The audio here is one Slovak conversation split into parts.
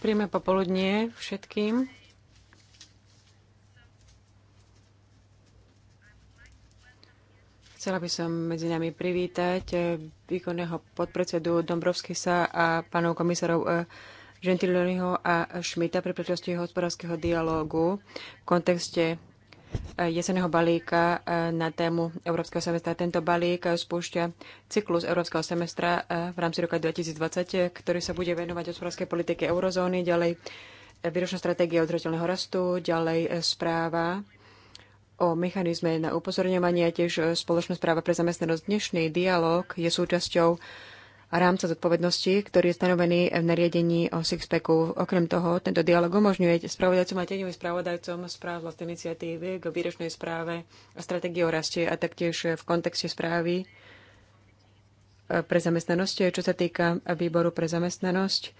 Príjme popoludnie všetkým. Chcela by som medzi nami privítať eh, výkonného podpredsedu Dombrovskisa a pánov komisárov eh, Gentiloniho a Šmita pri príležitosti hospodárskeho dialógu v kontexte Eh, jeseného balíka eh, na tému Európskeho semestra. Tento balík spúšťa cyklus Európskeho semestra eh, v rámci roka 2020, ktorý sa bude venovať hospodárskej politike eurozóny, ďalej výročná stratégia odrateľného rastu, ďalej správa o mechanizme na upozorňovanie, tiež spoločná správa pre zamestnanosť. Dnešný dialog je súčasťou rámca zodpovednosti, ktorý je stanovený v nariadení o Sixpacku. Okrem toho, tento dialog umožňuje spravodajcom a tieňovým spravodajcom správ vlastnej iniciatívy k výročnej správe a stratégii o raste a taktiež v kontexte správy e, pre zamestnanosť, čo sa týka výboru pre zamestnanosť,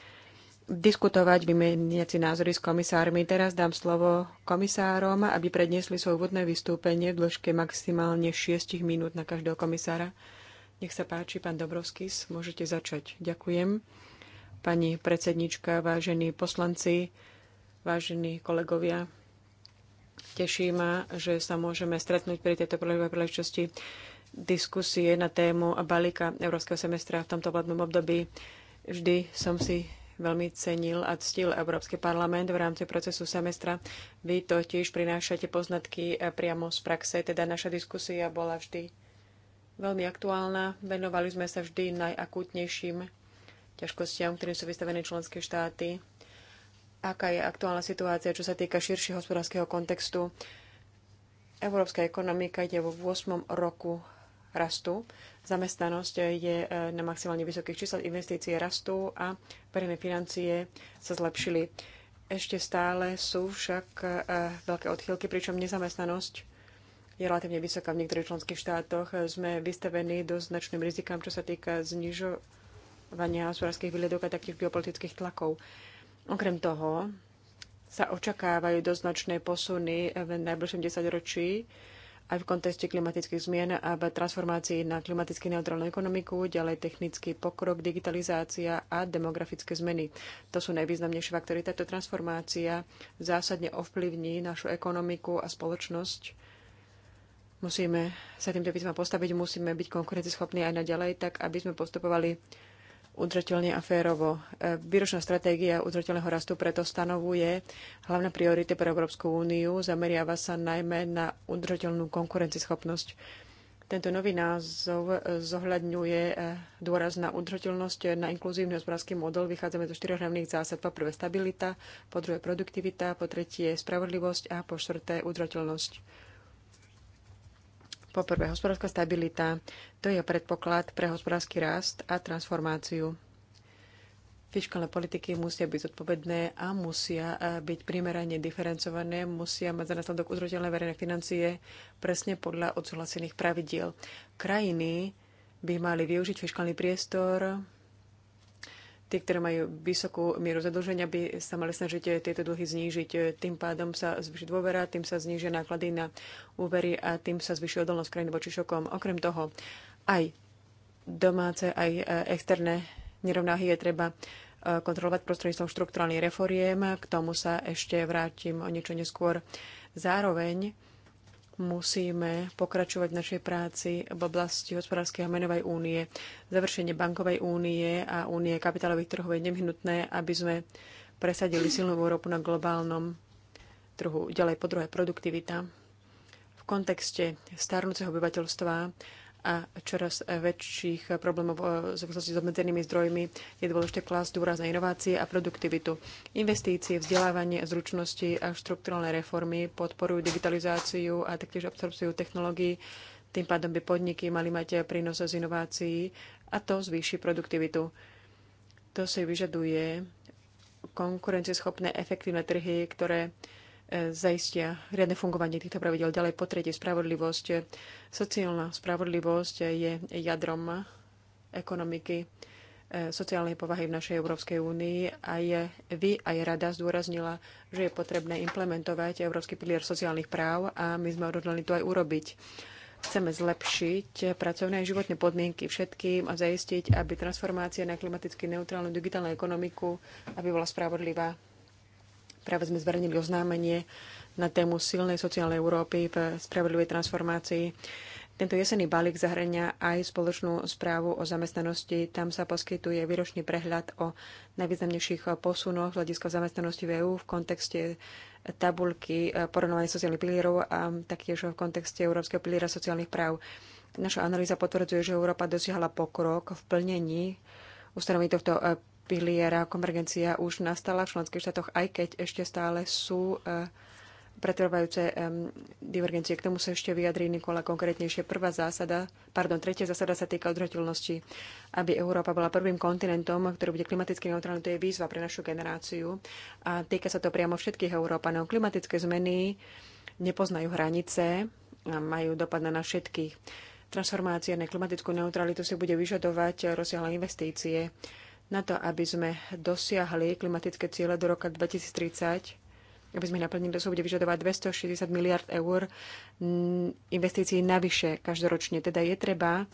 diskutovať, vymeniať si názory s komisármi. Teraz dám slovo komisárom, aby predniesli svoje úvodné vystúpenie v dĺžke maximálne 6 minút na každého komisára. Nech sa páči, pán Dobrovskis, môžete začať. Ďakujem. Pani predsednička, vážení poslanci, vážení kolegovia, teší ma, že sa môžeme stretnúť pri tejto príležitosti diskusie na tému balíka Európskeho semestra v tomto vládnom období. Vždy som si veľmi cenil a ctil Európsky parlament v rámci procesu semestra. Vy totiž prinášate poznatky priamo z praxe, teda naša diskusia bola vždy veľmi aktuálna. Venovali sme sa vždy najakútnejším ťažkostiam, ktorým sú vystavené členské štáty. Aká je aktuálna situácia, čo sa týka širšieho hospodárskeho kontextu? Európska ekonomika je vo 8. roku rastu. Zamestnanosť je e, na maximálne vysokých číslach, investície rastú a verejné financie sa zlepšili. Ešte stále sú však e, veľké odchýlky, pričom nezamestnanosť je relatívne vysoká v niektorých členských štátoch. Sme vystavení dosť značným rizikám, čo sa týka znižovania hospodárskych výhľadok a takých geopolitických tlakov. Okrem toho sa očakávajú dosť značné posuny v najbližšom desaťročí aj v kontexte klimatických zmien a v transformácii na klimaticky neutrálnu ekonomiku, ďalej technický pokrok, digitalizácia a demografické zmeny. To sú najvýznamnejšie faktory. Táto transformácia zásadne ovplyvní našu ekonomiku a spoločnosť Musíme sa týmto výzvam postaviť, musíme byť konkurenceschopní aj naďalej, tak aby sme postupovali udržateľne a férovo. E, výročná stratégia udržateľného rastu preto stanovuje hlavné priority pre Európsku úniu, zameriava sa najmä na udržateľnú konkurencieschopnosť. Tento nový názov e, zohľadňuje e, dôraz na udržateľnosť, na inkluzívny hospodársky model. Vychádzame zo štyroch hlavných zásad. Po prvé stabilita, po druhé produktivita, po tretie spravodlivosť a po štvrté udržateľnosť. Poprvé, hospodárska stabilita. To je predpoklad pre hospodársky rast a transformáciu. Fiskálne politiky musia byť zodpovedné a musia e, byť primerane diferencované, musia mať za následok uzrotelné verejné financie presne podľa odsúhlasených pravidiel. Krajiny by mali využiť fiskálny priestor tí, ktoré majú vysokú mieru zadlženia, by sa mali snažiť tieto dlhy znížiť. Tým pádom sa zvyši dôvera, tým sa znížia náklady na úvery a tým sa zvyši odolnosť krajiny voči šokom. Okrem toho, aj domáce, aj e, externé nerovnáhy je treba e, kontrolovať prostredníctvom štrukturálnych reforiem. K tomu sa ešte vrátim o niečo neskôr. Zároveň musíme pokračovať v našej práci v oblasti hospodárskej a menovej únie. Završenie bankovej únie a únie kapitálových trhov je nevyhnutné, aby sme presadili silnú Európu na globálnom trhu. Ďalej po druhé produktivita. V kontexte starnúceho obyvateľstva a čoraz väčších problémov eh, v súvislosti s obmedzenými zdrojmi, je dôležité klásť dôraz na inovácie a produktivitu. Investície, vzdelávanie, zručnosti a štruktúralne reformy podporujú digitalizáciu a taktiež absorpciu technológií. Tým pádom by podniky mali mať prínos z inovácií a to zvýši produktivitu. To si vyžaduje konkurencieschopné, efektívne trhy, ktoré zaistia riadne fungovanie týchto pravidel. Ďalej po tretie, spravodlivosť. Sociálna spravodlivosť je jadrom ekonomiky e, sociálnej povahy v našej Európskej únii. Aj vy, aj rada zdôraznila, že je potrebné implementovať Európsky pilier sociálnych práv a my sme odhodlali to aj urobiť. Chceme zlepšiť pracovné a životné podmienky všetkým a zaistiť, aby transformácia na klimaticky neutrálnu digitálnu ekonomiku aby bola spravodlivá Práve sme zverejnili oznámenie na tému silnej sociálnej Európy v spravodlivej transformácii. Tento jesenný balík zahrania aj spoločnú správu o zamestnanosti. Tam sa poskytuje výročný prehľad o najvýznamnejších posunoch hľadiska zamestnanosti v EÚ v kontexte tabulky porovnovania sociálnych pilierov a taktiež v kontexte Európskeho piliera sociálnych práv. Naša analýza potvrdzuje, že Európa dosiahla pokrok v plnení ustanovení tohto piliera konvergencia už nastala v členských štátoch, aj keď ešte stále sú eh, pretrvajúce divergencie. K tomu sa ešte vyjadrí Nikola konkrétnejšie. Prvá zásada, pardon, tretia zásada sa týka udržateľnosti. Aby Európa bola prvým kontinentom, ktorý bude klimaticky neutrálny, to je výzva pre našu generáciu. A týka sa to priamo všetkých Európanov. Klimatické zmeny nepoznajú hranice a majú dopad na všetkých. Transformácia na klimatickú neutralitu si bude vyžadovať rozsiahle investície na to, aby sme dosiahli klimatické ciele do roka 2030, aby sme naplnili, to sa bude vyžadovať 260 miliard eur investícií navyše každoročne. Teda je treba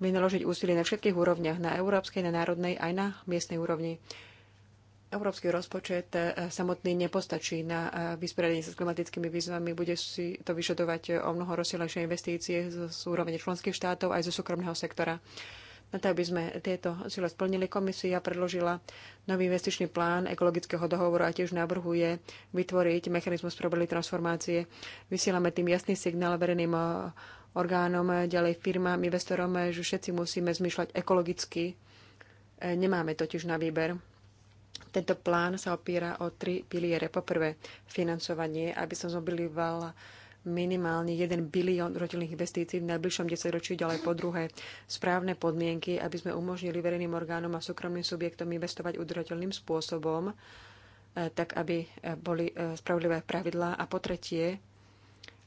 vynaložiť úsilie na všetkých úrovniach, na európskej, na národnej, aj na miestnej úrovni. Európsky rozpočet e, samotný nepostačí na e, vysporiadanie sa s klimatickými výzvami. Bude si to vyžadovať o mnoho rozsiaľnejšie investície z úrovne členských štátov aj zo súkromného sektora. Na to, aby sme tieto cíle splnili, komisia predložila nový investičný plán ekologického dohovoru a tiež navrhuje vytvoriť mechanizmus problémy transformácie. Vysielame tým jasný signál verejným eh, orgánom, ďalej firmám, investorom, že všetci musíme zmýšľať ekologicky. Eh, nemáme totiž na výber. Tento plán sa opiera o tri piliere. Poprvé, financovanie, aby som zmobilizovala minimálne 1 bilión ročných investícií v najbližšom desaťročí ďalej po druhé. Správne podmienky, aby sme umožnili verejným orgánom a súkromným subjektom investovať udržateľným spôsobom, e, tak aby e, boli e, spravodlivé pravidlá. A po tretie,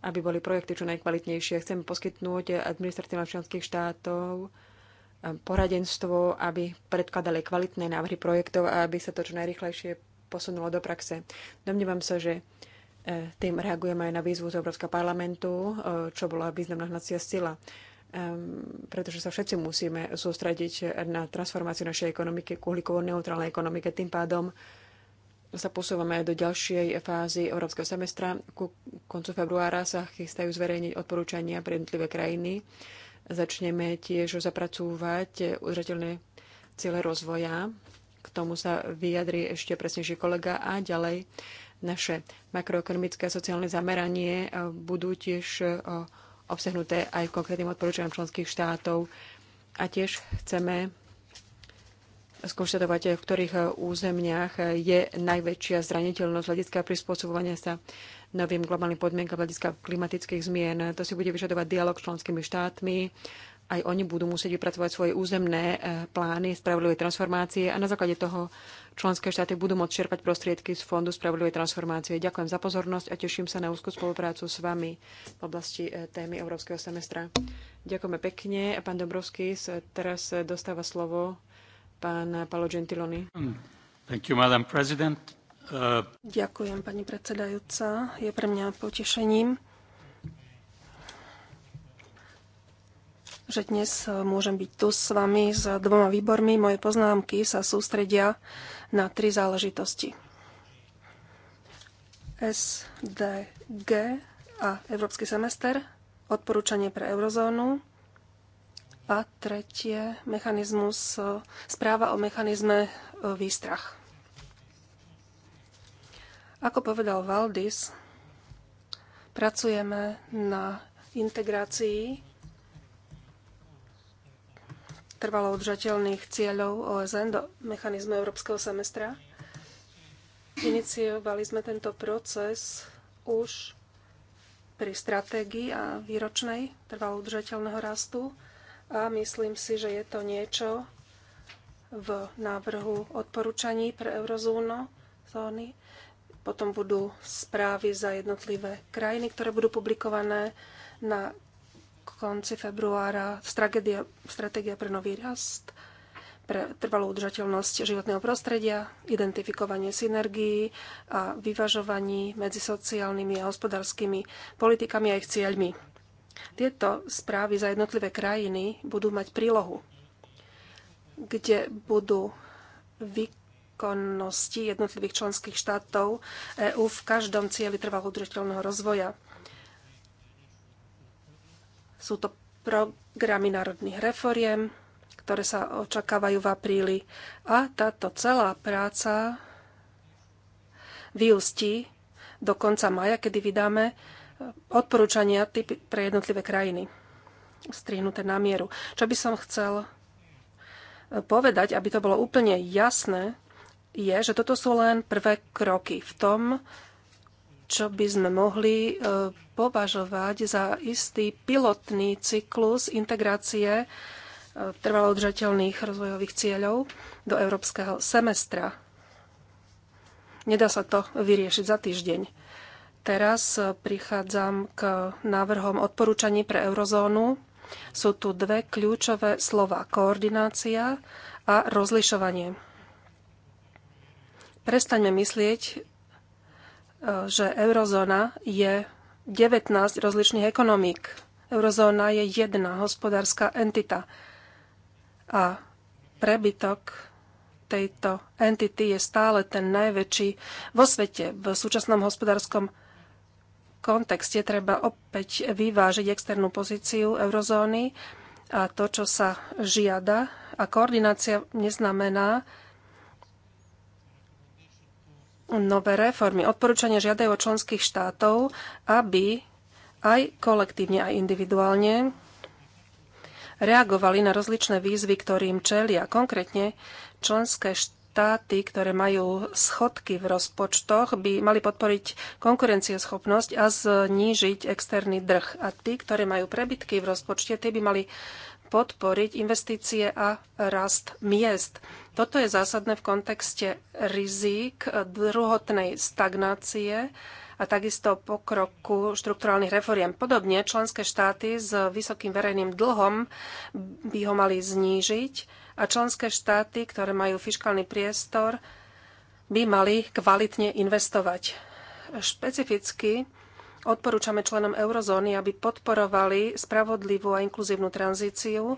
aby boli projekty čo najkvalitnejšie. Chcem poskytnúť administratívam členských štátov poradenstvo, aby predkladali kvalitné návrhy projektov a aby sa to čo najrychlejšie posunulo do praxe. Domnievam sa, že E, tým reagujeme aj na výzvu z Európskeho parlamentu, e, čo bola významná hnacia sila e, pretože sa všetci musíme sústrediť na transformáciu našej ekonomiky k uhlíkovo-neutrálnej ekonomike. Tým pádom sa posúvame do ďalšej fázy európskeho semestra. Ku koncu februára sa chystajú zverejniť odporúčania pre jednotlivé krajiny. Začneme tiež zapracúvať udržateľné ciele rozvoja. K tomu sa vyjadri ešte presnejší kolega a ďalej naše makroekonomické a sociálne zameranie e, budú tiež e, obsahnuté aj v konkrétnym odporúčaním členských štátov. A tiež chceme skonštatovať, v ktorých e, územniach je najväčšia zraniteľnosť hľadiska prispôsobovania sa novým globálnym podmienkam hľadiska klimatických zmien. To si bude vyžadovať dialog s členskými štátmi aj oni budú musieť vypracovať svoje územné e, plány spravodlivej transformácie a na základe toho členské štáty budú môcť čerpať prostriedky z Fondu spravodlivej transformácie. Ďakujem za pozornosť a teším sa na úzkú spoluprácu s vami v oblasti e, témy Európskeho semestra. Ďakujeme pekne. Pán Dobrovský, teraz dostáva slovo pán Paolo Gentiloni. Thank you, Madam President. Uh... Ďakujem, pani predsedajúca. Je pre mňa potešením že dnes e, môžem byť tu s vami s dvoma výbormi. Moje poznámky sa sústredia na tri záležitosti. SDG a Európsky semester, odporúčanie pre eurozónu a tretie mechanizmus, e, správa o mechanizme e, výstrach. Ako povedal Valdis, pracujeme na integrácii trvalo udržateľných cieľov OSN do mechanizmu Európskeho semestra. Iniciovali sme tento proces už pri stratégii a výročnej trvalo udržateľného rastu a myslím si, že je to niečo v návrhu odporúčaní pre eurozónu zóny. Potom budú správy za jednotlivé krajiny, ktoré budú publikované na konci februára stratégia, stratégia pre nový rast, pre trvalú udržateľnosť životného prostredia, identifikovanie synergií a vyvažovaní medzi sociálnymi a hospodárskymi politikami a ich cieľmi. Tieto správy za jednotlivé krajiny budú mať prílohu, kde budú výkonnosti jednotlivých členských štátov EÚ v každom cieli trvalo udržateľného rozvoja. Sú to programy národných reforiem, ktoré sa očakávajú v apríli. A táto celá práca vyústí do konca maja, kedy vydáme odporúčania typy pre jednotlivé krajiny strihnuté na mieru. Čo by som chcel povedať, aby to bolo úplne jasné, je, že toto sú len prvé kroky v tom, čo by sme mohli e, považovať za istý pilotný cyklus integrácie e, trvalo udržateľných rozvojových cieľov do európskeho semestra. Nedá sa to vyriešiť za týždeň. Teraz e, prichádzam k návrhom odporúčaní pre eurozónu. Sú tu dve kľúčové slova koordinácia a rozlišovanie. Prestaňme myslieť, E, že eurozóna je 19 rozličných ekonomík. Eurozóna je jedna hospodárska entita. A prebytok tejto entity je stále ten najväčší vo svete. V súčasnom hospodárskom kontexte treba opäť vyvážiť externú pozíciu eurozóny a to, čo sa žiada. A koordinácia neznamená, nové reformy. Odporúčania žiadajú od členských štátov, aby aj kolektívne, aj individuálne reagovali na rozličné výzvy, ktorým čelia. Konkrétne členské štáty, ktoré majú schodky v rozpočtoch, by mali podporiť konkurencieschopnosť a znížiť externý drh. A tí, ktoré majú prebytky v rozpočte, tí by mali podporiť investície a rast miest. Toto je zásadné v kontexte rizík druhotnej stagnácie a takisto pokroku štrukturálnych reforiem. Podobne členské štáty s vysokým verejným dlhom by ho mali znížiť a členské štáty, ktoré majú fiskálny priestor, by mali kvalitne investovať. Špecificky Odporúčame členom eurozóny, aby podporovali spravodlivú a inkluzívnu tranzíciu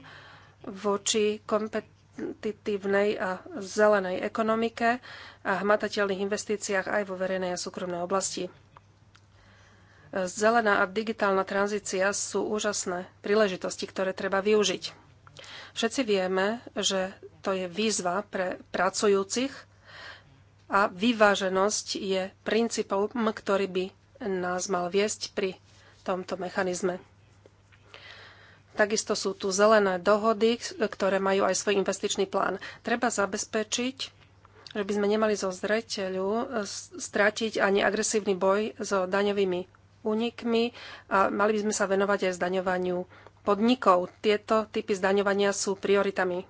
voči kompetitívnej a zelenej ekonomike a hmatateľných investíciách aj vo verejnej a súkromnej oblasti. Zelená a digitálna tranzícia sú úžasné príležitosti, ktoré treba využiť. Všetci vieme, že to je výzva pre pracujúcich a vyváženosť je princípom, ktorý by nás mal viesť pri tomto mechanizme. Takisto sú tu zelené dohody, ktoré majú aj svoj investičný plán. Treba zabezpečiť, že by sme nemali zo zreteľu stratiť ani agresívny boj so daňovými únikmi a mali by sme sa venovať aj zdaňovaniu podnikov. Tieto typy zdaňovania sú prioritami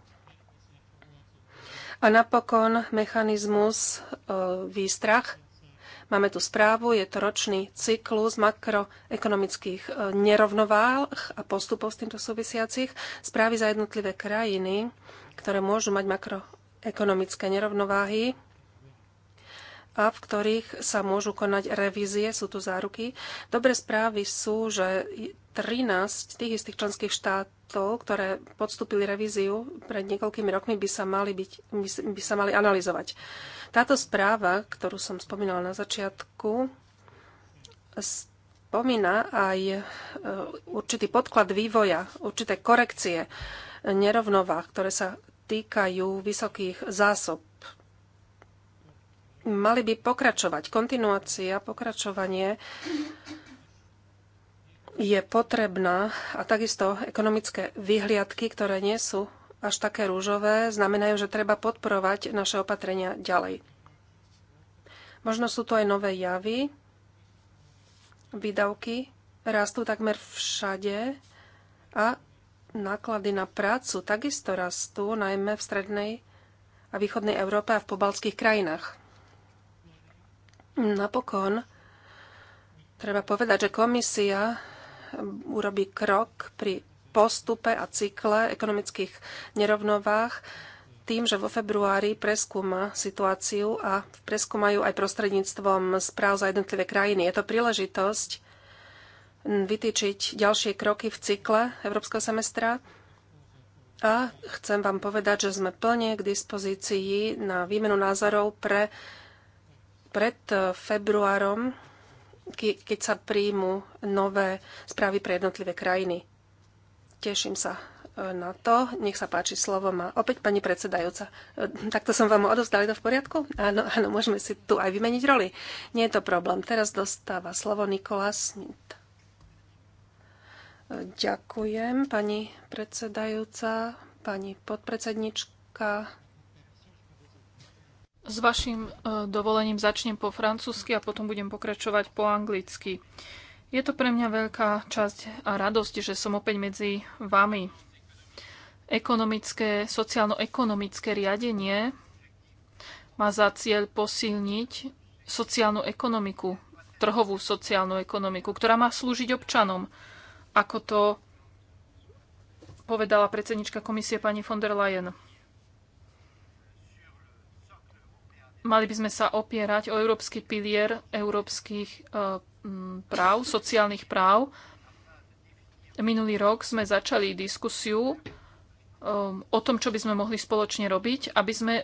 a napokon mechanizmus e, výstrach. Máme tu správu, je to ročný cyklus makroekonomických e, nerovnováh a postupov s týmto súvisiacich, správy za jednotlivé krajiny, ktoré môžu mať makroekonomické nerovnováhy a v ktorých sa môžu konať revízie, sú tu záruky. Dobré správy sú, že 13 tých istých členských štátov, ktoré podstúpili revíziu pred niekoľkými rokmi, by sa mali, byť, by sa mali analyzovať. Táto správa, ktorú som spomínala na začiatku, spomína aj e, určitý podklad vývoja, určité korekcie nerovnovách, ktoré sa týkajú vysokých zásob. Mali by pokračovať. Kontinuácia, pokračovanie je potrebná a takisto ekonomické vyhliadky, ktoré nie sú až také rúžové, znamenajú, že treba podporovať naše opatrenia ďalej. Možno sú tu aj nové javy. Výdavky rastú takmer všade a náklady na prácu takisto rastú, najmä v strednej a východnej Európe a v pobalských krajinách. Napokon treba povedať, že komisia urobí krok pri postupe a cykle ekonomických nerovnovách tým, že vo februári preskúma situáciu a preskúmajú aj prostredníctvom správ za jednotlivé krajiny. Je to príležitosť vytýčiť ďalšie kroky v cykle Európskeho semestra a chcem vám povedať, že sme plne k dispozícii na výmenu názorov pre, pred februárom, keď sa príjmu nové správy pre jednotlivé krajiny. Teším sa e, na to. Nech sa páči, slovo má opäť pani predsedajúca. E, takto som vám odovzdali to v poriadku? Áno, áno, môžeme si tu aj vymeniť roli. Nie je to problém. Teraz dostáva slovo Nikola Smith. E, ďakujem, pani predsedajúca, pani podpredsednička. S vašim dovolením začnem po francúzsky a potom budem pokračovať po anglicky. Uh, je to pre mňa veľká časť a radosť, že som opäť medzi vami. Ekonomické, sociálno-ekonomické riadenie má za cieľ posilniť sociálnu ekonomiku, trhovú sociálnu ekonomiku, ktorá má slúžiť občanom, ako to povedala predsednička komisie pani von der Leyen. Mali by sme sa opierať o európsky pilier európskych eh, Mm, práv, sociálnych práv. Minulý rok sme začali diskusiu um, o tom, čo by sme mohli spoločne robiť, aby sme e,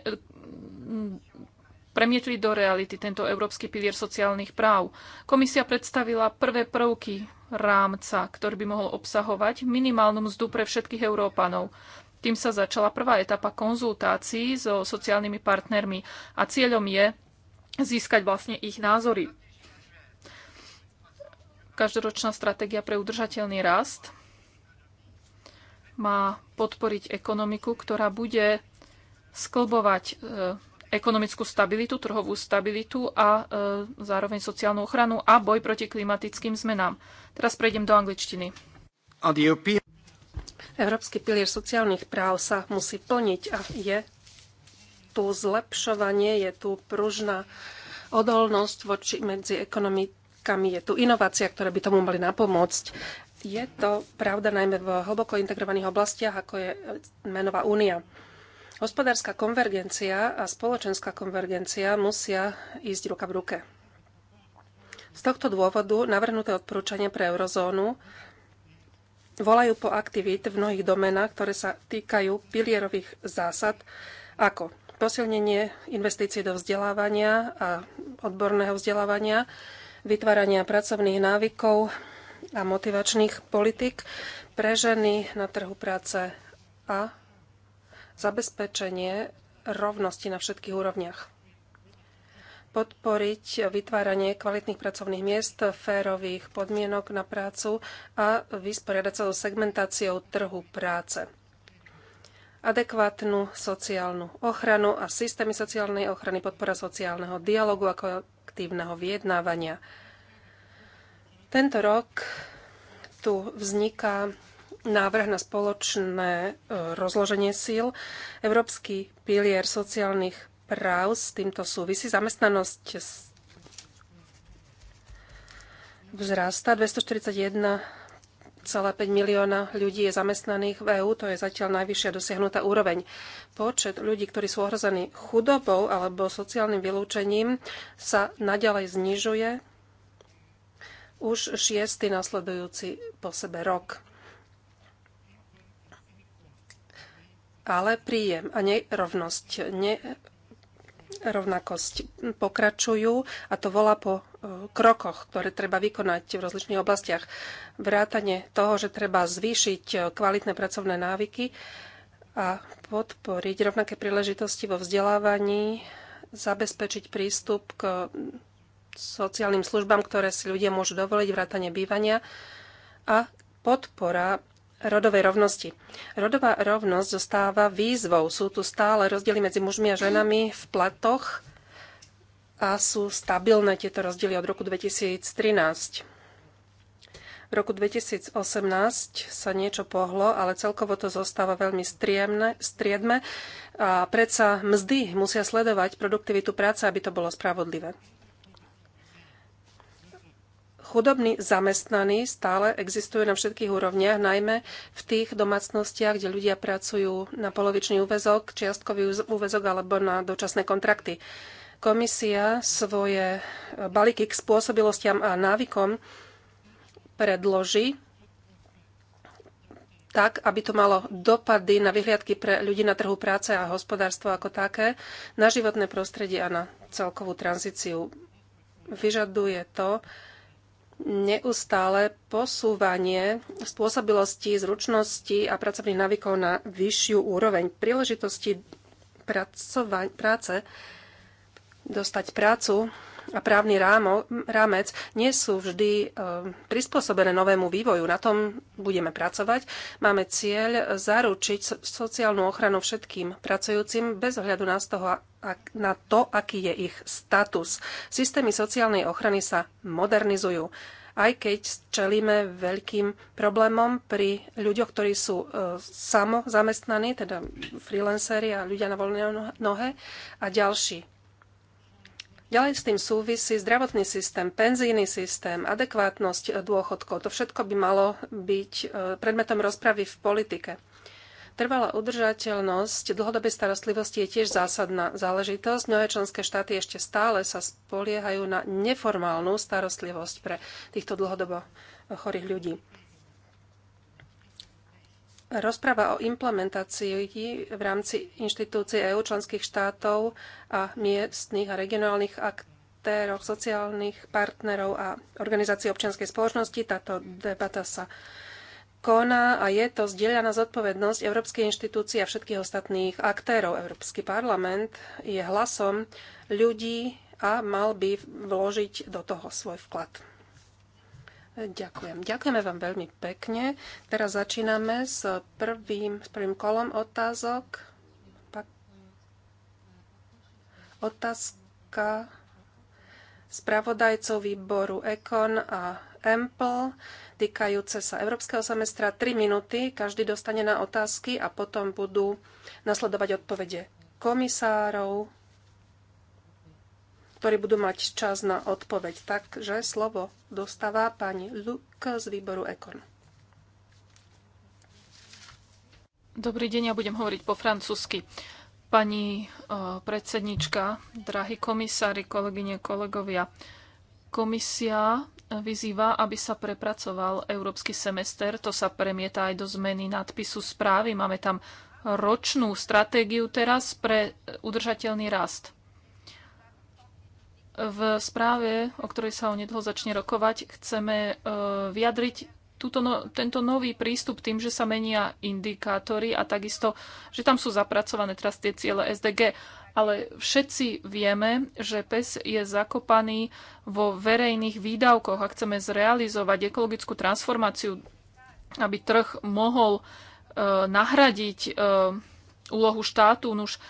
premietli do reality tento Európsky pilier sociálnych práv. Komisia predstavila prvé prvky rámca, ktorý by mohol obsahovať minimálnu mzdu pre všetkých Európanov. Tým sa začala prvá etapa konzultácií so sociálnymi partnermi a cieľom je získať vlastne ich názory Každoročná stratégia pre udržateľný rast má podporiť ekonomiku, ktorá bude sklbovať e, ekonomickú stabilitu, trhovú stabilitu a e, zároveň sociálnu ochranu a boj proti klimatickým zmenám. Teraz prejdem do angličtiny. Európsky pilier sociálnych práv sa musí plniť a je tu zlepšovanie, je tu pružná odolnosť voči medzi ekonomikou otázkami. Je tu inovácia, ktoré by tomu mali napomôcť. Je to pravda najmä v hlboko integrovaných oblastiach, ako je menová únia. Hospodárska konvergencia a spoločenská konvergencia musia ísť ruka v ruke. Z tohto dôvodu navrhnuté odporúčania pre eurozónu volajú po aktivít v mnohých domenách, ktoré sa týkajú pilierových zásad, ako posilnenie investície do vzdelávania a odborného vzdelávania, vytvárania pracovných návykov a motivačných politik pre ženy na trhu práce a zabezpečenie rovnosti na všetkých úrovniach. Podporiť vytváranie kvalitných pracovných miest, férových podmienok na prácu a vysporiadať sa so segmentáciou trhu práce. Adekvátnu sociálnu ochranu a systémy sociálnej ochrany, podpora sociálneho dialogu, ako aktívneho vyjednávania. Tento rok tu vzniká návrh na spoločné e, rozloženie síl. Európsky pilier sociálnych práv s týmto súvisí. Zamestnanosť vzrasta 241 milióna ľudí je zamestnaných v EÚ, to je zatiaľ najvyššia dosiahnutá úroveň. Počet ľudí, ktorí sú ohrození chudobou alebo sociálnym vylúčením, sa naďalej znižuje už šiestý nasledujúci po sebe rok. Ale príjem a nerovnosť, ne, rovnakosť pokračujú a to volá po e, krokoch, ktoré treba vykonať v rozličných oblastiach. Vrátanie toho, že treba zvýšiť e, kvalitné pracovné návyky a podporiť rovnaké príležitosti vo vzdelávaní, zabezpečiť prístup k sociálnym službám, ktoré si ľudia môžu dovoliť, vrátanie bývania a podpora rodovej rovnosti. Rodová rovnosť zostáva výzvou. Sú tu stále rozdiely medzi mužmi a ženami v platoch a sú stabilné tieto rozdiely od roku 2013. V roku 2018 sa niečo pohlo, ale celkovo to zostáva veľmi striemne, striedme a predsa mzdy musia sledovať produktivitu práce, aby to bolo spravodlivé. Chudobní zamestnaní stále existujú na všetkých úrovniach, najmä v tých domácnostiach, kde ľudia pracujú na polovičný úvezok, čiastkový úvezok alebo na dočasné kontrakty. Komisia svoje e, balíky k spôsobilostiam a návykom predloží tak, aby to malo dopady na vyhliadky pre ľudí na trhu práce a hospodárstvo ako také, na životné prostredie a na celkovú tranzíciu. Vyžaduje to neustále posúvanie spôsobilosti, zručnosti a pracovných návykov na vyššiu úroveň. Príležitosti práce, dostať prácu a právny rámo, rámec nie sú vždy e, prispôsobené novému vývoju. Na tom budeme pracovať. Máme cieľ zaručiť sociálnu ochranu všetkým pracujúcim bez ohľadu na, toho, na to, aký je ich status. Systémy sociálnej ochrany sa modernizujú aj keď čelíme veľkým problémom pri ľuďoch, ktorí sú e, samozamestnaní, teda freelanceri a ľudia na voľné nohe a ďalší. Ďalej s tým súvisí zdravotný systém, penzijný systém, adekvátnosť dôchodkov. To všetko by malo byť e, predmetom rozpravy v politike. Trvalá udržateľnosť dlhodobej starostlivosti je tiež zásadná záležitosť. Mnohé členské štáty ešte stále sa spoliehajú na neformálnu starostlivosť pre týchto dlhodobo chorých ľudí. Rozpráva o implementácii v rámci inštitúcií EÚ členských štátov a miestných a regionálnych aktérov, sociálnych partnerov a organizácií občianskej spoločnosti. Táto debata sa koná a je to zdieľaná zodpovednosť Európskej inštitúcie a všetkých ostatných aktérov. Európsky parlament je hlasom ľudí a mal by vložiť do toho svoj vklad. Ďakujem. Ďakujeme vám veľmi pekne. Teraz začíname s prvým, s prvým kolom otázok. Pak otázka spravodajcov výboru ECON a EMPL týkajúce sa Európskeho semestra. Tri minúty, každý dostane na otázky a potom budú nasledovať odpovede komisárov, ktorí budú mať čas na odpoveď. Takže slovo dostáva pani Luk z výboru Ekon. Dobrý deň, ja budem hovoriť po francúzsky. Pani eh, predsednička, drahí komisári, kolegyne, kolegovia, komisia vyzýva, aby sa prepracoval európsky semester. To sa premieta aj do zmeny nadpisu správy. Máme tam ročnú stratégiu teraz pre udržateľný rast. V správe, o ktorej sa nedlho začne rokovať, chceme e, vyjadriť túto no, tento nový prístup tým, že sa menia indikátory a takisto, že tam sú zapracované teraz tie ciele SDG. Ale všetci vieme, že PES je zakopaný vo verejných výdavkoch a chceme zrealizovať ekologickú transformáciu, aby trh mohol e, nahradiť e, úlohu štátu. Nuž, no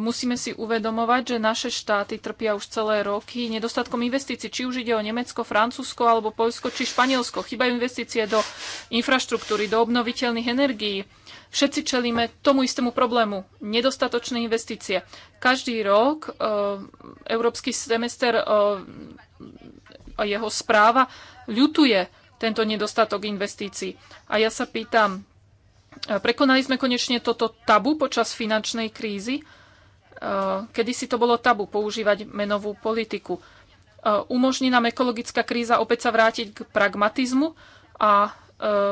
musíme si uvedomovať, že naše štáty trpia už celé roky nedostatkom investícií, či už ide o Nemecko, Francúzsko alebo Poľsko či Španielsko. Chýbajú investície do infraštruktúry, do obnoviteľných energií. Všetci čelíme tomu istému problému. Nedostatočné investície. Každý rok e, Európsky semester e, a e, jeho správa ľutuje tento nedostatok investícií. A ja sa pýtam, e, prekonali sme konečne toto tabu počas finančnej krízy? Eh, Kedy si to bolo tabu používať menovú politiku. Eh, umožní nám ekologická kríza opäť sa vrátiť k pragmatizmu a eh,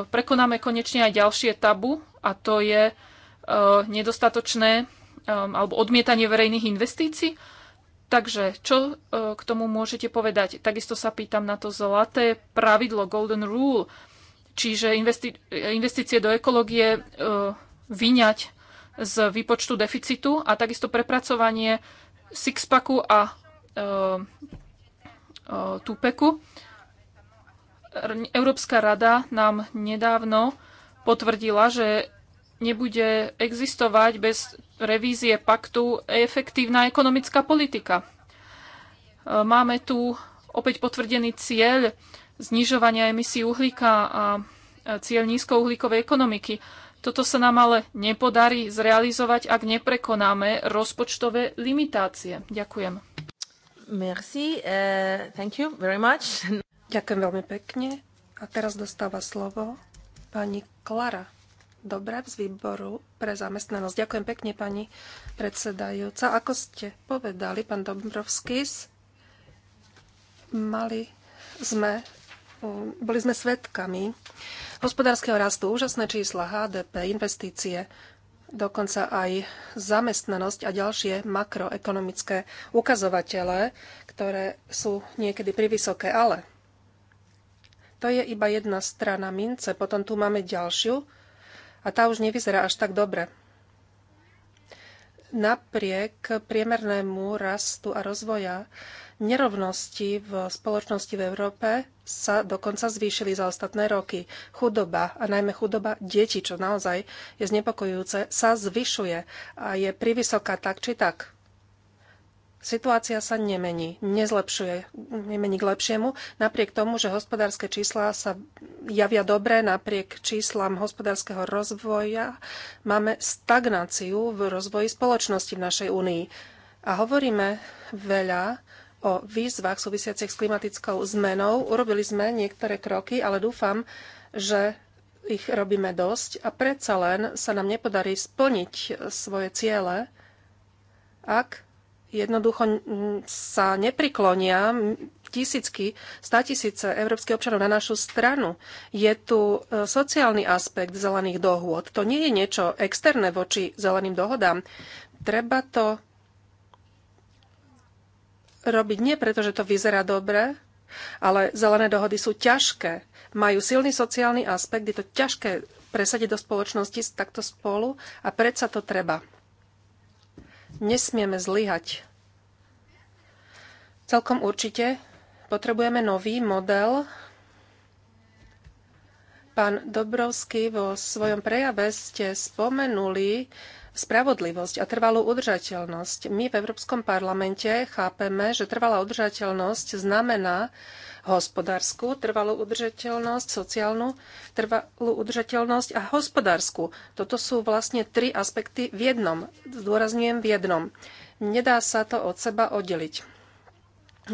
prekonáme konečne aj ďalšie tabu a to je nedostatočné alebo odmietanie verejných investícií. Takže čo k tomu môžete povedať? Takisto sa pýtam na to zlaté pravidlo Golden Rule, čiže investície do ekológie vyňať z výpočtu deficitu a takisto prepracovanie sixpacku a e, e, tupeku. Európska rada nám nedávno potvrdila, že nebude existovať bez revízie paktu efektívna ekonomická politika. E, máme tu opäť potvrdený cieľ znižovania emisí uhlíka a cieľ nízkouhlíkovej ekonomiky. Toto sa nám ale nepodarí zrealizovať, ak neprekonáme rozpočtové limitácie. Ďakujem. Merci. Uh, thank you very much. Ďakujem veľmi pekne. A teraz dostáva slovo pani Klara Dobre z výboru pre zamestnanosť. Ďakujem pekne, pani predsedajúca. Ako ste povedali, pán Dobrovskis, mali sme Ehm, boli sme svetkami hospodárskeho rastu, úžasné čísla HDP, investície, dokonca aj zamestnanosť a ďalšie makroekonomické ukazovatele, ktoré sú niekedy privysoké, ale to je iba jedna strana mince, potom tu máme ďalšiu a tá už nevyzerá až tak dobre. Napriek priemernému rastu a rozvoja Nerovnosti v spoločnosti v Európe sa dokonca zvýšili za ostatné roky. Chudoba, a najmä chudoba detí, čo naozaj je znepokojujúce, sa zvyšuje a je privysoká tak či tak. Situácia sa nemení, nezlepšuje, nemení k lepšiemu, napriek tomu, že hospodárske čísla sa javia dobre, napriek číslam hospodárskeho rozvoja máme stagnáciu v rozvoji spoločnosti v našej únii. A hovoríme veľa o výzvach súvisiacich s klimatickou zmenou. Urobili sme niektoré kroky, ale dúfam, že ich robíme dosť a predsa len sa nám nepodarí splniť svoje ciele, ak jednoducho sa nepriklonia tisícky, statisíce európskych občanov na našu stranu. Je tu e, sociálny aspekt zelených dohôd. To nie je niečo externé voči zeleným dohodám. Treba to robiť nie preto, že to vyzerá dobre, ale zelené dohody sú ťažké. Majú silný sociálny aspekt, je to ťažké presadiť do spoločnosti takto spolu a predsa to treba. Nesmieme zlyhať. Celkom určite potrebujeme nový model. Pán Dobrovský, vo svojom prejave ste spomenuli spravodlivosť a trvalú udržateľnosť. My v Európskom parlamente chápeme, že trvalá udržateľnosť znamená hospodárskú trvalú udržateľnosť, sociálnu trvalú udržateľnosť a hospodárskú. Toto sú vlastne tri aspekty v jednom. Zdôrazňujem v jednom. Nedá sa to od seba oddeliť.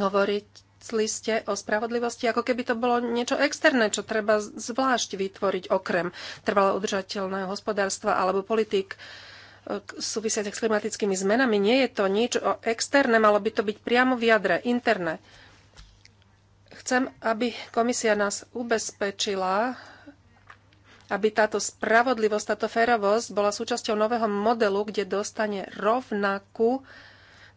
Hovoriť ste o spravodlivosti, ako keby to bolo niečo externé, čo treba zvlášť vytvoriť okrem trvalo udržateľného hospodárstva alebo politik súvisiacich s klimatickými zmenami. Nie je to nič o externé, malo by to byť priamo v jadre, interné. Chcem, aby komisia nás ubezpečila, aby táto spravodlivosť, táto férovosť bola súčasťou nového modelu, kde dostane rovnakú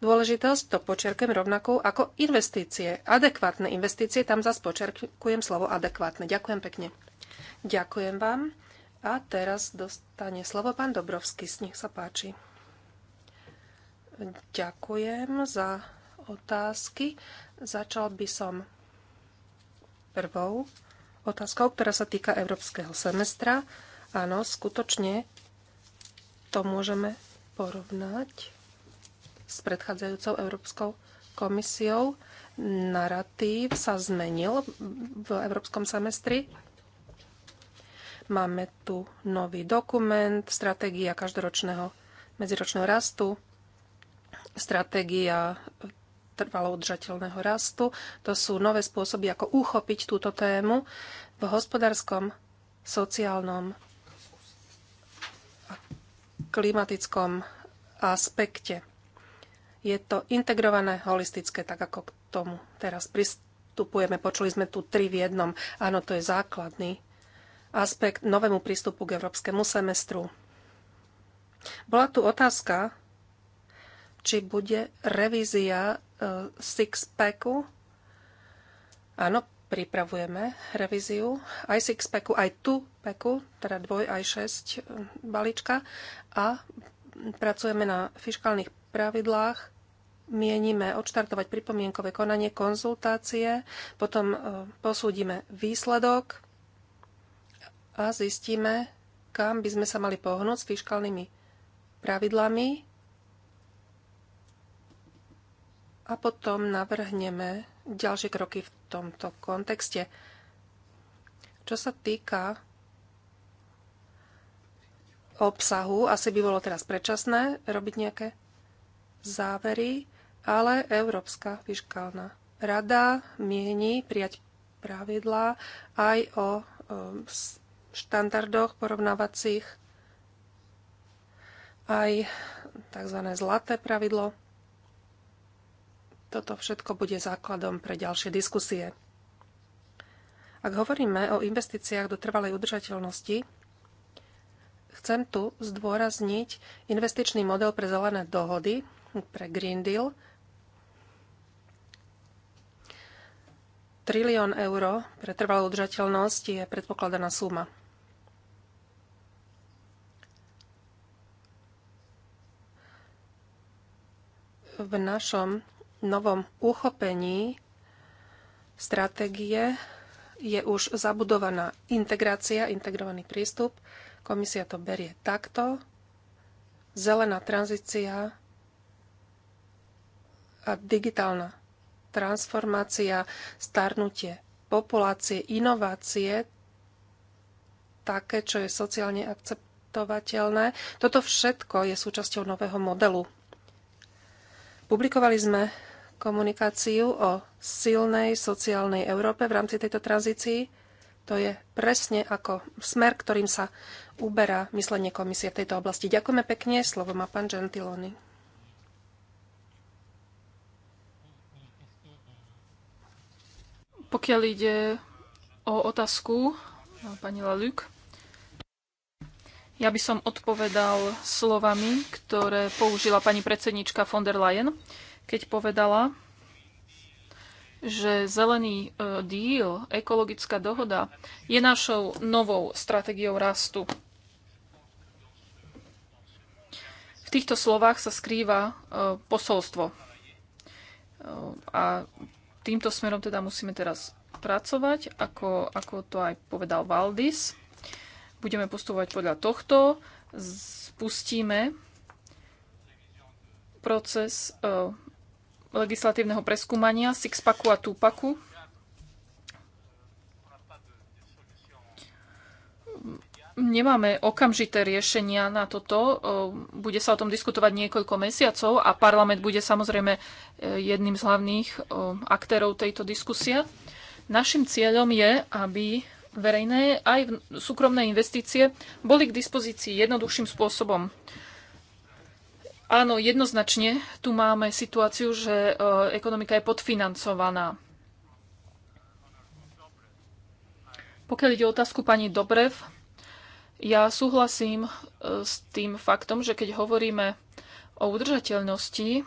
dôležitosť, to počerkujem rovnakú, ako investície. Adekvátne investície, tam zase počerkujem slovo adekvátne. Ďakujem pekne. Ďakujem vám. A teraz dostane slovo pán Dobrovský, nech sa páči. Ďakujem za otázky. Začal by som prvou otázkou, ktorá sa týka európskeho semestra. Áno, skutočne to môžeme porovnať s predchádzajúcou Európskou komisiou. Naratív sa zmenil v európskom semestri Máme tu nový dokument, stratégia každoročného medziročného rastu, stratégia trvalo udržateľného rastu. To sú nové spôsoby, ako uchopiť túto tému v hospodárskom, sociálnom a klimatickom aspekte. Je to integrované, holistické, tak ako k tomu teraz pristupujeme. Počuli sme tu tri v jednom. Áno, to je základný aspekt novému prístupu k európskemu semestru. Bola tu otázka, či bude revízia e, six-packu. Áno, pripravujeme revíziu aj six-packu, aj two-packu, teda dvoj aj šesť e, balíčka a pracujeme na fiškálnych pravidlách, mienime odštartovať pripomienkové konanie, konzultácie, potom e, posúdime výsledok a zistíme, kam by sme sa mali pohnúť s fiskálnymi pravidlami a potom navrhneme ďalšie kroky v tomto kontexte. Čo sa týka obsahu, asi by bolo teraz predčasné robiť nejaké závery, ale Európska fiskálna rada mieni prijať pravidlá aj o, o štandardoch porovnávacích aj tzv. zlaté pravidlo. Toto všetko bude základom pre ďalšie diskusie. Ak hovoríme o investíciách do trvalej udržateľnosti, chcem tu zdôrazniť investičný model pre zelené dohody, pre Green Deal. Trilión eur pre trvalú udržateľnosť je predpokladaná suma. v našom novom uchopení stratégie je už zabudovaná integrácia, integrovaný prístup. Komisia to berie takto. Zelená tranzícia a digitálna transformácia, starnutie populácie, inovácie, také, čo je sociálne akceptovateľné. Toto všetko je súčasťou nového modelu Publikovali sme komunikáciu o silnej sociálnej Európe v rámci tejto tranzícii. To je presne ako smer, ktorým sa uberá myslenie komisie v tejto oblasti. Ďakujeme pekne. Slovo má pán Gentiloni. Pokiaľ ide o otázku pani Laluc, ja by som odpovedal slovami, ktoré použila pani predsednička von der Leyen, keď povedala, že zelený e, díl, ekologická dohoda, je našou novou stratégiou rastu. V týchto slovách sa skrýva e, posolstvo. E, a týmto smerom teda musíme teraz pracovať, ako, ako to aj povedal Valdis. Budeme postupovať podľa tohto. Spustíme proces e, legislatívneho preskúmania Sixpacku a Tupaku. Nemáme okamžité riešenia na toto. E, bude sa o tom diskutovať niekoľko mesiacov a parlament bude samozrejme e, jedným z hlavných aktérov tejto diskusie. Našim cieľom je, aby verejné aj súkromné investície boli k dispozícii jednoduchším spôsobom. Áno, jednoznačne tu máme situáciu, že e, ekonomika je podfinancovaná. Pokiaľ ide o otázku pani Dobrev, ja súhlasím e, s tým faktom, že keď hovoríme o udržateľnosti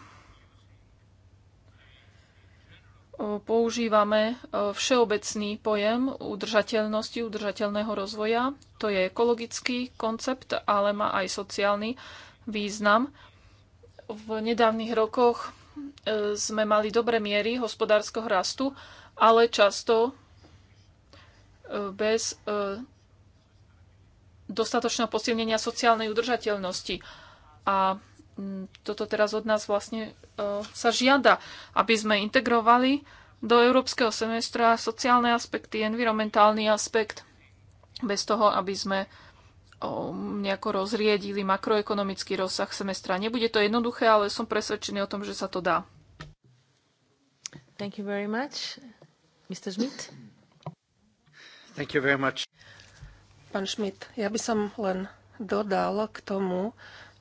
používame e, všeobecný pojem udržateľnosti, udržateľného rozvoja. To je ekologický koncept, ale má aj sociálny význam. V nedávnych rokoch e, sme mali dobré miery hospodárskeho rastu, ale často e, bez dostatočného posilnenia sociálnej udržateľnosti. A toto teraz od nás vlastne e, sa žiada, aby sme integrovali do európskeho semestra sociálne aspekty, environmentálny aspekt, bez toho, aby sme nejako rozriedili makroekonomický rozsah semestra. Nebude to jednoduché, ale som presvedčený o tom, že sa to dá. Thank you very much. Mr. Schmidt. Thank you very much. Pán Schmidt, ja by som len dodal k tomu,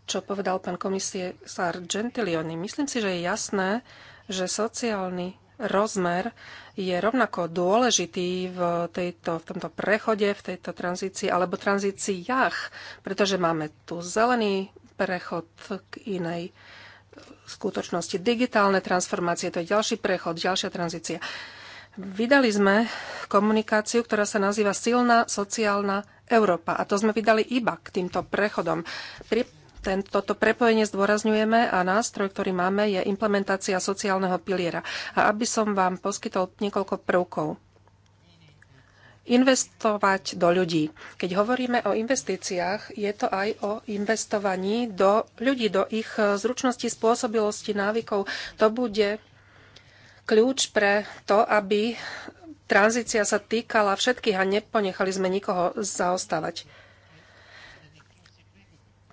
čo povedal pán komisár Gentilioni. Myslím si, že je jasné, že sociálny rozmer je rovnako dôležitý v, tejto, v tomto prechode, v tejto tranzícii alebo tranzíciách, pretože máme tu zelený prechod k inej skutočnosti, digitálne transformácie, to je ďalší prechod, ďalšia tranzícia. Vydali sme komunikáciu, ktorá sa nazýva Silná sociálna Európa. A to sme vydali iba k týmto prechodom. Pri toto prepojenie zdôrazňujeme a nástroj, ktorý máme, je implementácia sociálneho piliera. A aby som vám poskytol niekoľko prvkov. Investovať do ľudí. Keď hovoríme o investíciách, je to aj o investovaní do ľudí, do ich eh, zručností, spôsobilosti, návykov. To bude kľúč pre to, aby tranzícia sa týkala všetkých a neponechali sme nikoho zaostávať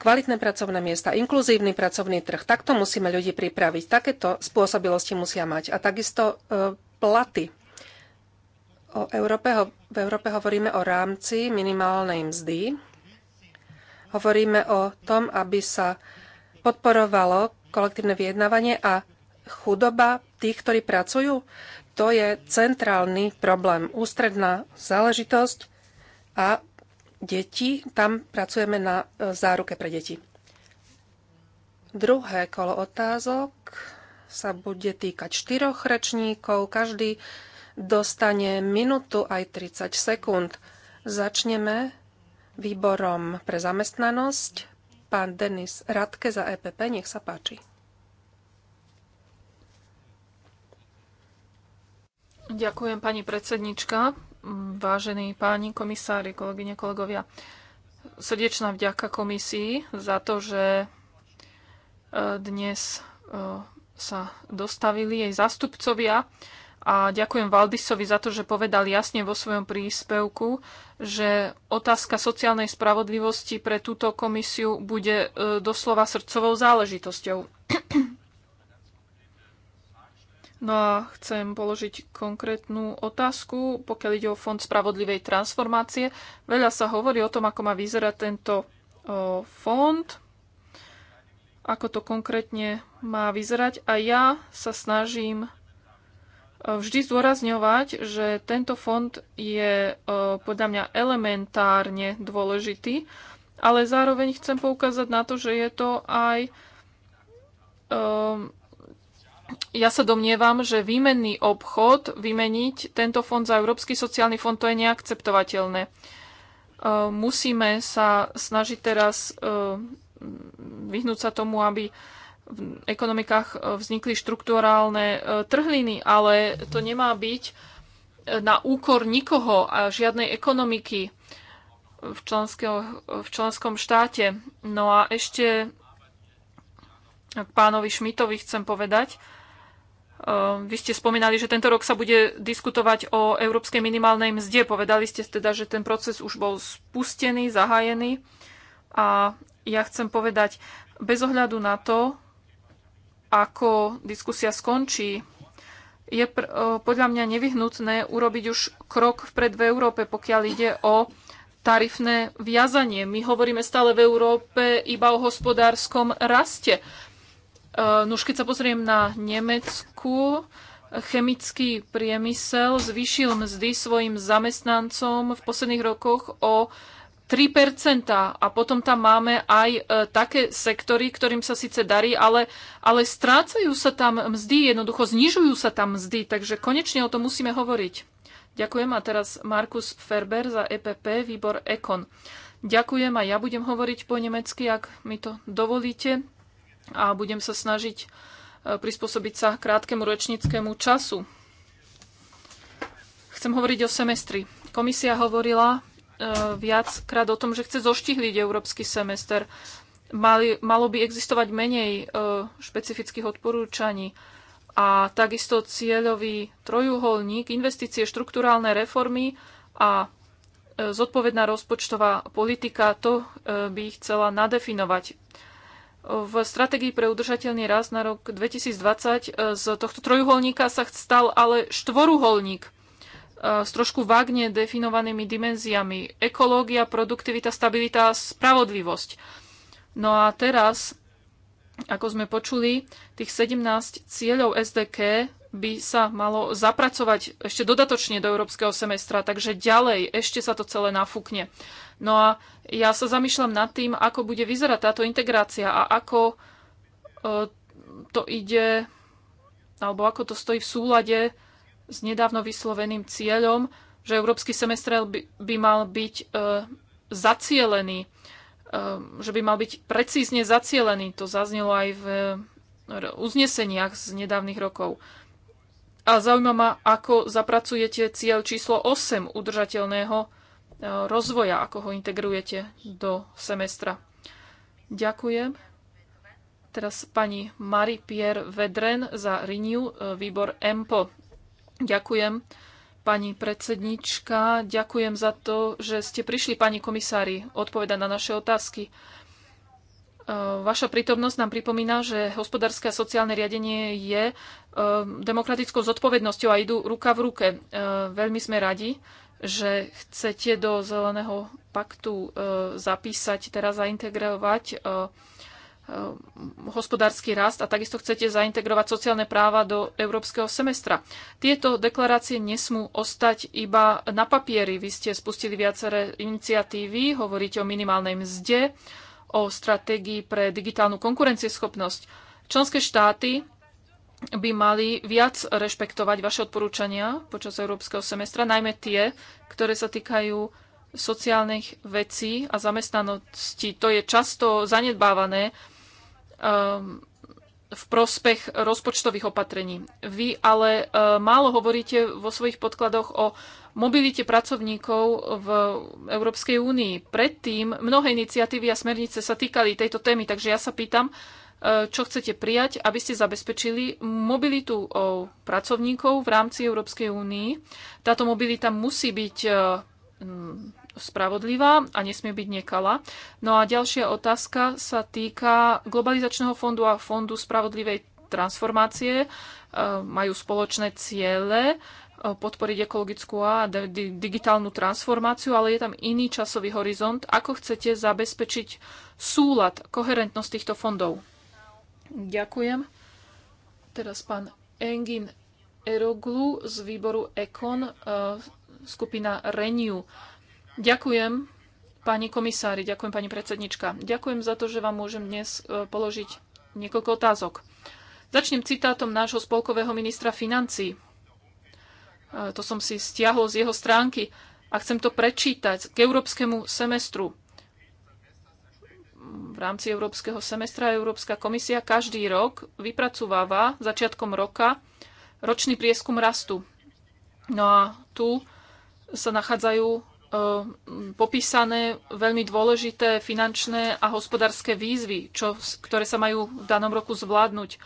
kvalitné pracovné miesta, inkluzívny pracovný trh. Takto musíme ľudí pripraviť. Takéto spôsobilosti musia mať. A takisto e, platy. O Európe, v Európe hovoríme o rámci minimálnej mzdy. Hovoríme o tom, aby sa podporovalo kolektívne vyjednávanie a chudoba tých, ktorí pracujú. To je centrálny problém, ústredná záležitosť a detí. Tam pracujeme na e, záruke pre deti. Druhé kolo otázok sa bude týkať štyroch rečníkov. Každý dostane minútu aj 30 sekúnd. Začneme výborom pre zamestnanosť. Pán Denis Radke za EPP, nech sa páči. Ďakujem, pani predsednička. Vážení páni komisári, kolegyne, kolegovia, srdečná vďaka komisii za to, že e, dnes e, sa dostavili jej zastupcovia a ďakujem Valdisovi za to, že povedal jasne vo svojom príspevku, že otázka sociálnej spravodlivosti pre túto komisiu bude e, doslova srdcovou záležitosťou. No a chcem položiť konkrétnu otázku, pokiaľ ide o Fond spravodlivej transformácie. Veľa sa hovorí o tom, ako má vyzerať tento o, fond, ako to konkrétne má vyzerať. A ja sa snažím vždy zdôrazňovať, že tento fond je podľa mňa elementárne dôležitý, ale zároveň chcem poukázať na to, že je to aj O, ja sa domnievam, že výmenný obchod, vymeniť tento fond za Európsky sociálny fond, to je neakceptovateľné. E, musíme sa snažiť teraz e, vyhnúť sa tomu, aby v ekonomikách e, vznikli štruktúrálne trhliny, ale to nemá byť na úkor nikoho a žiadnej ekonomiky v, v členskom štáte. No a ešte k pánovi Šmitovi chcem povedať, Ehm, vy ste spomínali, že tento rok sa bude diskutovať o európskej minimálnej mzde. Povedali ste teda, že ten proces už bol spustený, zahájený. A ja chcem povedať, bez ohľadu na to, ako diskusia skončí, je e, podľa mňa nevyhnutné urobiť už krok vpred v Európe, pokiaľ ide o tarifné viazanie. My hovoríme stále v Európe iba o hospodárskom raste. Eh, no už keď sa pozriem na Nemecku, chemický priemysel zvýšil mzdy svojim zamestnancom v posledných rokoch o 3 a potom tam máme aj e, také sektory, ktorým sa síce darí, ale, ale strácajú sa tam mzdy, jednoducho znižujú sa tam mzdy, takže konečne o tom musíme hovoriť. Ďakujem a teraz Markus Ferber za EPP, výbor Ekon. Ďakujem a ja budem hovoriť po nemecky, ak mi to dovolíte a budem sa snažiť e, prispôsobiť sa krátkemu ročníckému času. Chcem hovoriť o semestri. Komisia hovorila e, viackrát o tom, že chce zoštihliť európsky semester. Mali, malo by existovať menej e, špecifických odporúčaní a takisto cieľový trojuholník, investície, štruktúrálne reformy a zodpovedná rozpočtová politika, to by ich chcela nadefinovať. V strategii pre udržateľný rast na rok 2020 e, z tohto trojuholníka sa stal ale štvoruholník e, s trošku vágne definovanými dimenziami. Ekológia, produktivita, stabilita, spravodlivosť. No a teraz, ako sme počuli, tých 17 cieľov SDK by sa malo zapracovať ešte dodatočne do európskeho semestra, takže ďalej ešte sa to celé nafúkne. No a ja sa zamýšľam nad tým, ako bude vyzerať táto integrácia a ako e, to ide, alebo ako to stojí v súlade s nedávno vysloveným cieľom, že európsky semestr by, by mal byť e, zacielený, e, že by mal byť precízne zacielený. To zaznelo aj v e, uzneseniach z nedávnych rokov. A zaujíma ma, ako zapracujete cieľ číslo 8 udržateľného E, rozvoja, ako ho integrujete do semestra. Ďakujem. Teraz pani Marie-Pierre Vedren za Renew, e, výbor EMPO. Ďakujem, pani predsednička. Ďakujem za to, že ste prišli, pani komisári, odpovedať na naše otázky. E, vaša prítomnosť nám pripomína, že hospodárske a sociálne riadenie je demokratickou zodpovednosťou a idú ruka v ruke. Veľmi sme radi, že chcete do zeleného paktu e, zapísať, teraz zaintegrovať e, e, hospodársky rast a takisto chcete zaintegrovať sociálne práva do európskeho semestra. Tieto deklarácie nesmú ostať iba na papieri. Vy ste spustili viaceré iniciatívy, hovoríte o minimálnej mzde, o stratégii pre digitálnu konkurencieschopnosť. Členské štáty by mali viac rešpektovať vaše odporúčania počas európskeho semestra, najmä tie, ktoré sa týkajú sociálnych vecí a zamestnanosti. To je často zanedbávané um, v prospech rozpočtových opatrení. Vy ale uh, málo hovoríte vo svojich podkladoch o mobilite pracovníkov v Európskej únii. Predtým mnohé iniciatívy a smernice sa týkali tejto témy, takže ja sa pýtam, uh, E, čo chcete prijať, aby ste zabezpečili mobilitu pracovníkov v rámci Európskej únii. Táto mobilita musí byť e, mm, spravodlivá a nesmie byť nekala. No a ďalšia otázka sa týka Globalizačného fondu a Fondu spravodlivej transformácie. E, majú spoločné ciele podporiť ekologickú a digitálnu transformáciu, ale je tam iný časový horizont. Ako chcete zabezpečiť súlad, koherentnosť týchto fondov? Ďakujem. Teraz pán Engin Eroglu z výboru ECON eh, skupina Renew. Ďakujem, pani komisári, ďakujem, pani predsednička. Ďakujem za to, že vám môžem dnes eh, položiť niekoľko otázok. Začnem citátom nášho spolkového ministra financí. Eh, to som si stiahol z jeho stránky a chcem to prečítať k európskemu semestru v rámci Európskeho semestra Európska komisia každý rok vypracováva začiatkom roka ročný prieskum rastu. No a tu sa nachádzajú e, popísané veľmi dôležité finančné a hospodárske výzvy, čo, ktoré sa majú v danom roku zvládnuť. E,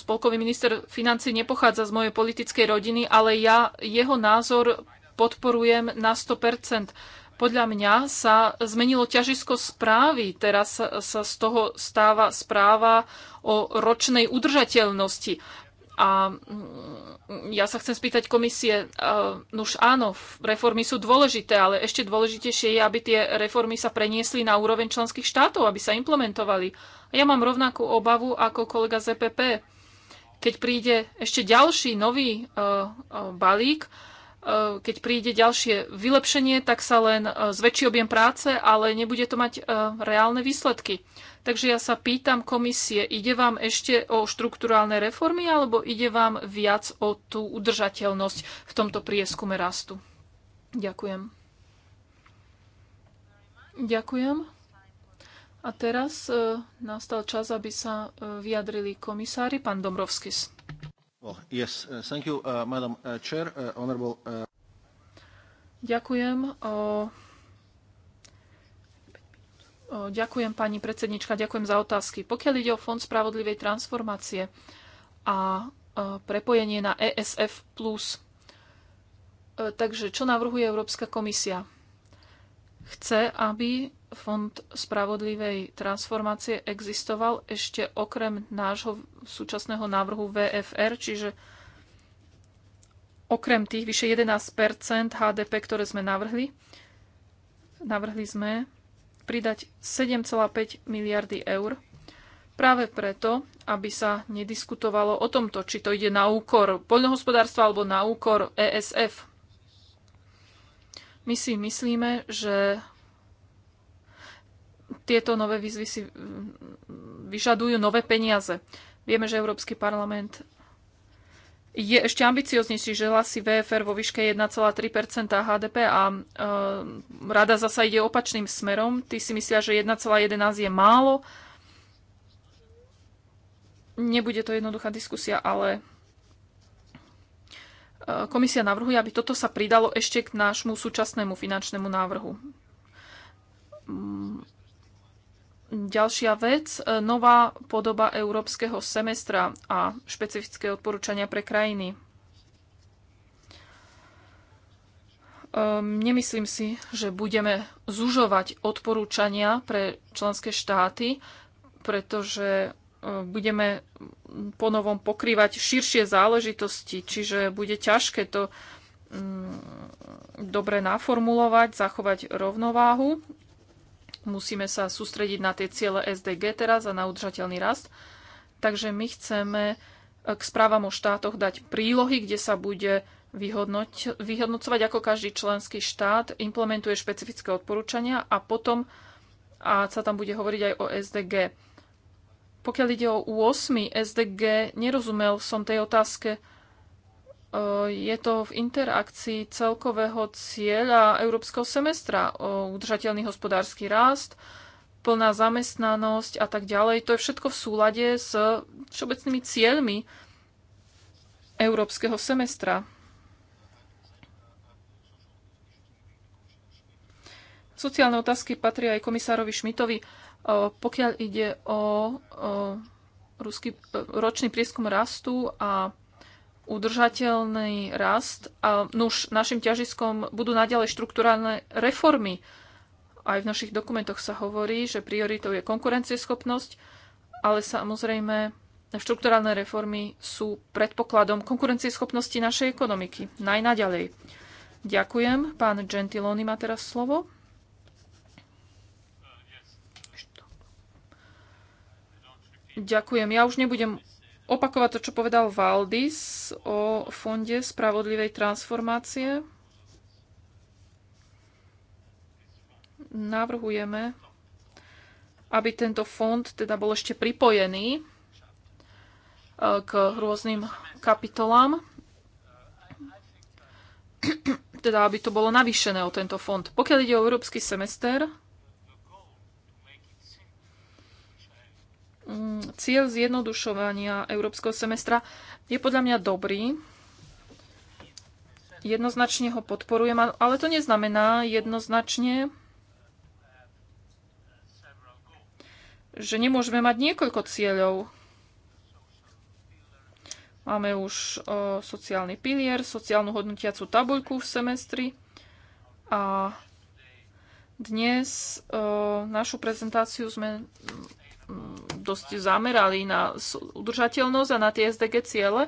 spolkový minister financí nepochádza z mojej politickej rodiny, ale ja jeho názor podporujem na 100%. Podľa mňa sa zmenilo ťažisko správy. Teraz sa, z toho stáva správa o ročnej udržateľnosti. A mm, ja sa chcem spýtať komisie, uh, nuž áno, reformy sú dôležité, ale ešte dôležitejšie je, aby tie reformy sa preniesli na úroveň členských štátov, aby sa implementovali. A ja mám rovnakú obavu ako kolega z EPP. Keď príde ešte ďalší nový e, e, balík, Eh, keď príde ďalšie vylepšenie, tak sa len eh, zväčší objem práce, ale nebude to mať eh, reálne výsledky. Takže ja sa pýtam komisie, ide vám ešte o štruktúrálne reformy alebo ide vám viac o tú udržateľnosť v tomto prieskume rastu? Ďakujem. Ďakujem. A teraz nastal čas, aby sa vyjadrili komisári. Pán Dombrovskis. Well, oh, yes, uh, thank you, uh, Madam uh, Chair, uh, honorable, uh... Ďakujem. O... O, ďakujem, pani predsednička, ďakujem za otázky. Pokiaľ ide o Fond spravodlivej transformácie a prepojenie na ESF+, e, takže čo navrhuje Európska komisia? Chce, aby Fond spravodlivej transformácie existoval ešte okrem nášho súčasného návrhu VFR, čiže okrem tých vyše 11 HDP, ktoré sme navrhli, navrhli sme pridať 7,5 miliardy eur práve preto, aby sa nediskutovalo o tomto, či to ide na úkor poľnohospodárstva alebo na úkor ESF. My si myslíme, že tieto nové výzvy si mm, vyžadujú nové peniaze. Vieme, že Európsky parlament je ešte ambicioznejší, že hlasí VFR vo výške 1,3 HDP a e, rada zasa ide opačným smerom. Tí si myslia, že 1,11 je málo. Nebude to jednoduchá diskusia, ale e, komisia navrhuje, aby toto sa pridalo ešte k nášmu súčasnému finančnému návrhu mm, Ďalšia vec, e, nová podoba európskeho semestra a špecifické odporúčania pre krajiny. Ehm, nemyslím si, že budeme zužovať odporúčania pre členské štáty, pretože e, budeme ponovom pokrývať širšie záležitosti, čiže bude ťažké to mm, dobre naformulovať, zachovať rovnováhu Musíme sa sústrediť na tie ciele SDG teraz a na udržateľný rast. Takže my chceme eh, k správam o štátoch dať prílohy, kde sa bude vyhodnocovať, ako každý členský štát implementuje špecifické odporúčania a potom a sa tam bude hovoriť aj o SDG. Pokiaľ ide o 8 SDG, nerozumel som tej otázke E, je to v interakcii celkového cieľa európskeho semestra, o udržateľný hospodársky rast, plná zamestnanosť a tak ďalej. To je všetko v súlade s všeobecnými cieľmi európskeho semestra. Sociálne otázky patria aj komisárovi Šmitovi. E, pokiaľ ide o ruský e, ročný prieskum rastu a udržateľný rast a nuž našim ťažiskom budú naďalej štruktúrálne reformy. Aj v našich dokumentoch sa hovorí, že prioritou je konkurencieschopnosť, ale samozrejme štruktúrálne reformy sú predpokladom konkurencieschopnosti našej ekonomiky. Najnaďalej. Ďakujem. Pán Gentiloni má teraz slovo. Uh, Ďakujem. Ja už nebudem opakovať to, čo povedal Valdis o Fonde spravodlivej transformácie. Navrhujeme, aby tento fond teda bol ešte pripojený e, k rôznym kapitolám. Teda, aby to bolo navýšené o tento fond. Pokiaľ ide o európsky semester, Mm, cieľ zjednodušovania európskeho semestra je podľa mňa dobrý. Jednoznačne ho podporujem, ale to neznamená jednoznačne, že nemôžeme mať niekoľko cieľov. Máme už o, sociálny pilier, sociálnu hodnotiacu tabuľku v semestri a dnes o, našu prezentáciu sme Mm, dosť zamerali na udržateľnosť a na tie SDG ciele,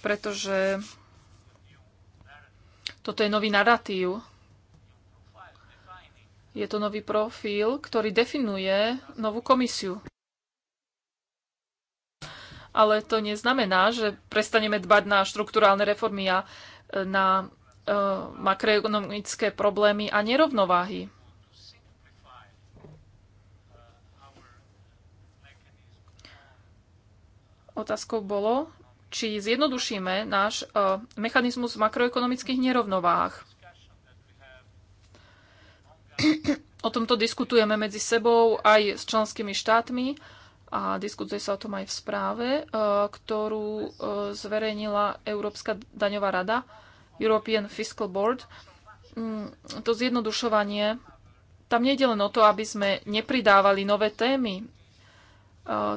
pretože toto je nový narratív. Je to nový profil, ktorý definuje novú komisiu. Ale to neznamená, že prestaneme dbať na štruktúrálne reformy a e, na e, makroekonomické problémy a nerovnováhy. Otázkou bolo, či zjednodušíme náš e, mechanizmus makroekonomických nerovnovách. O tomto diskutujeme medzi sebou aj s členskými štátmi a diskutuje sa o tom aj v správe, e, ktorú e, zverejnila Európska daňová rada, European Fiscal Board. Mm, to zjednodušovanie, tam nejde len o to, aby sme nepridávali nové témy,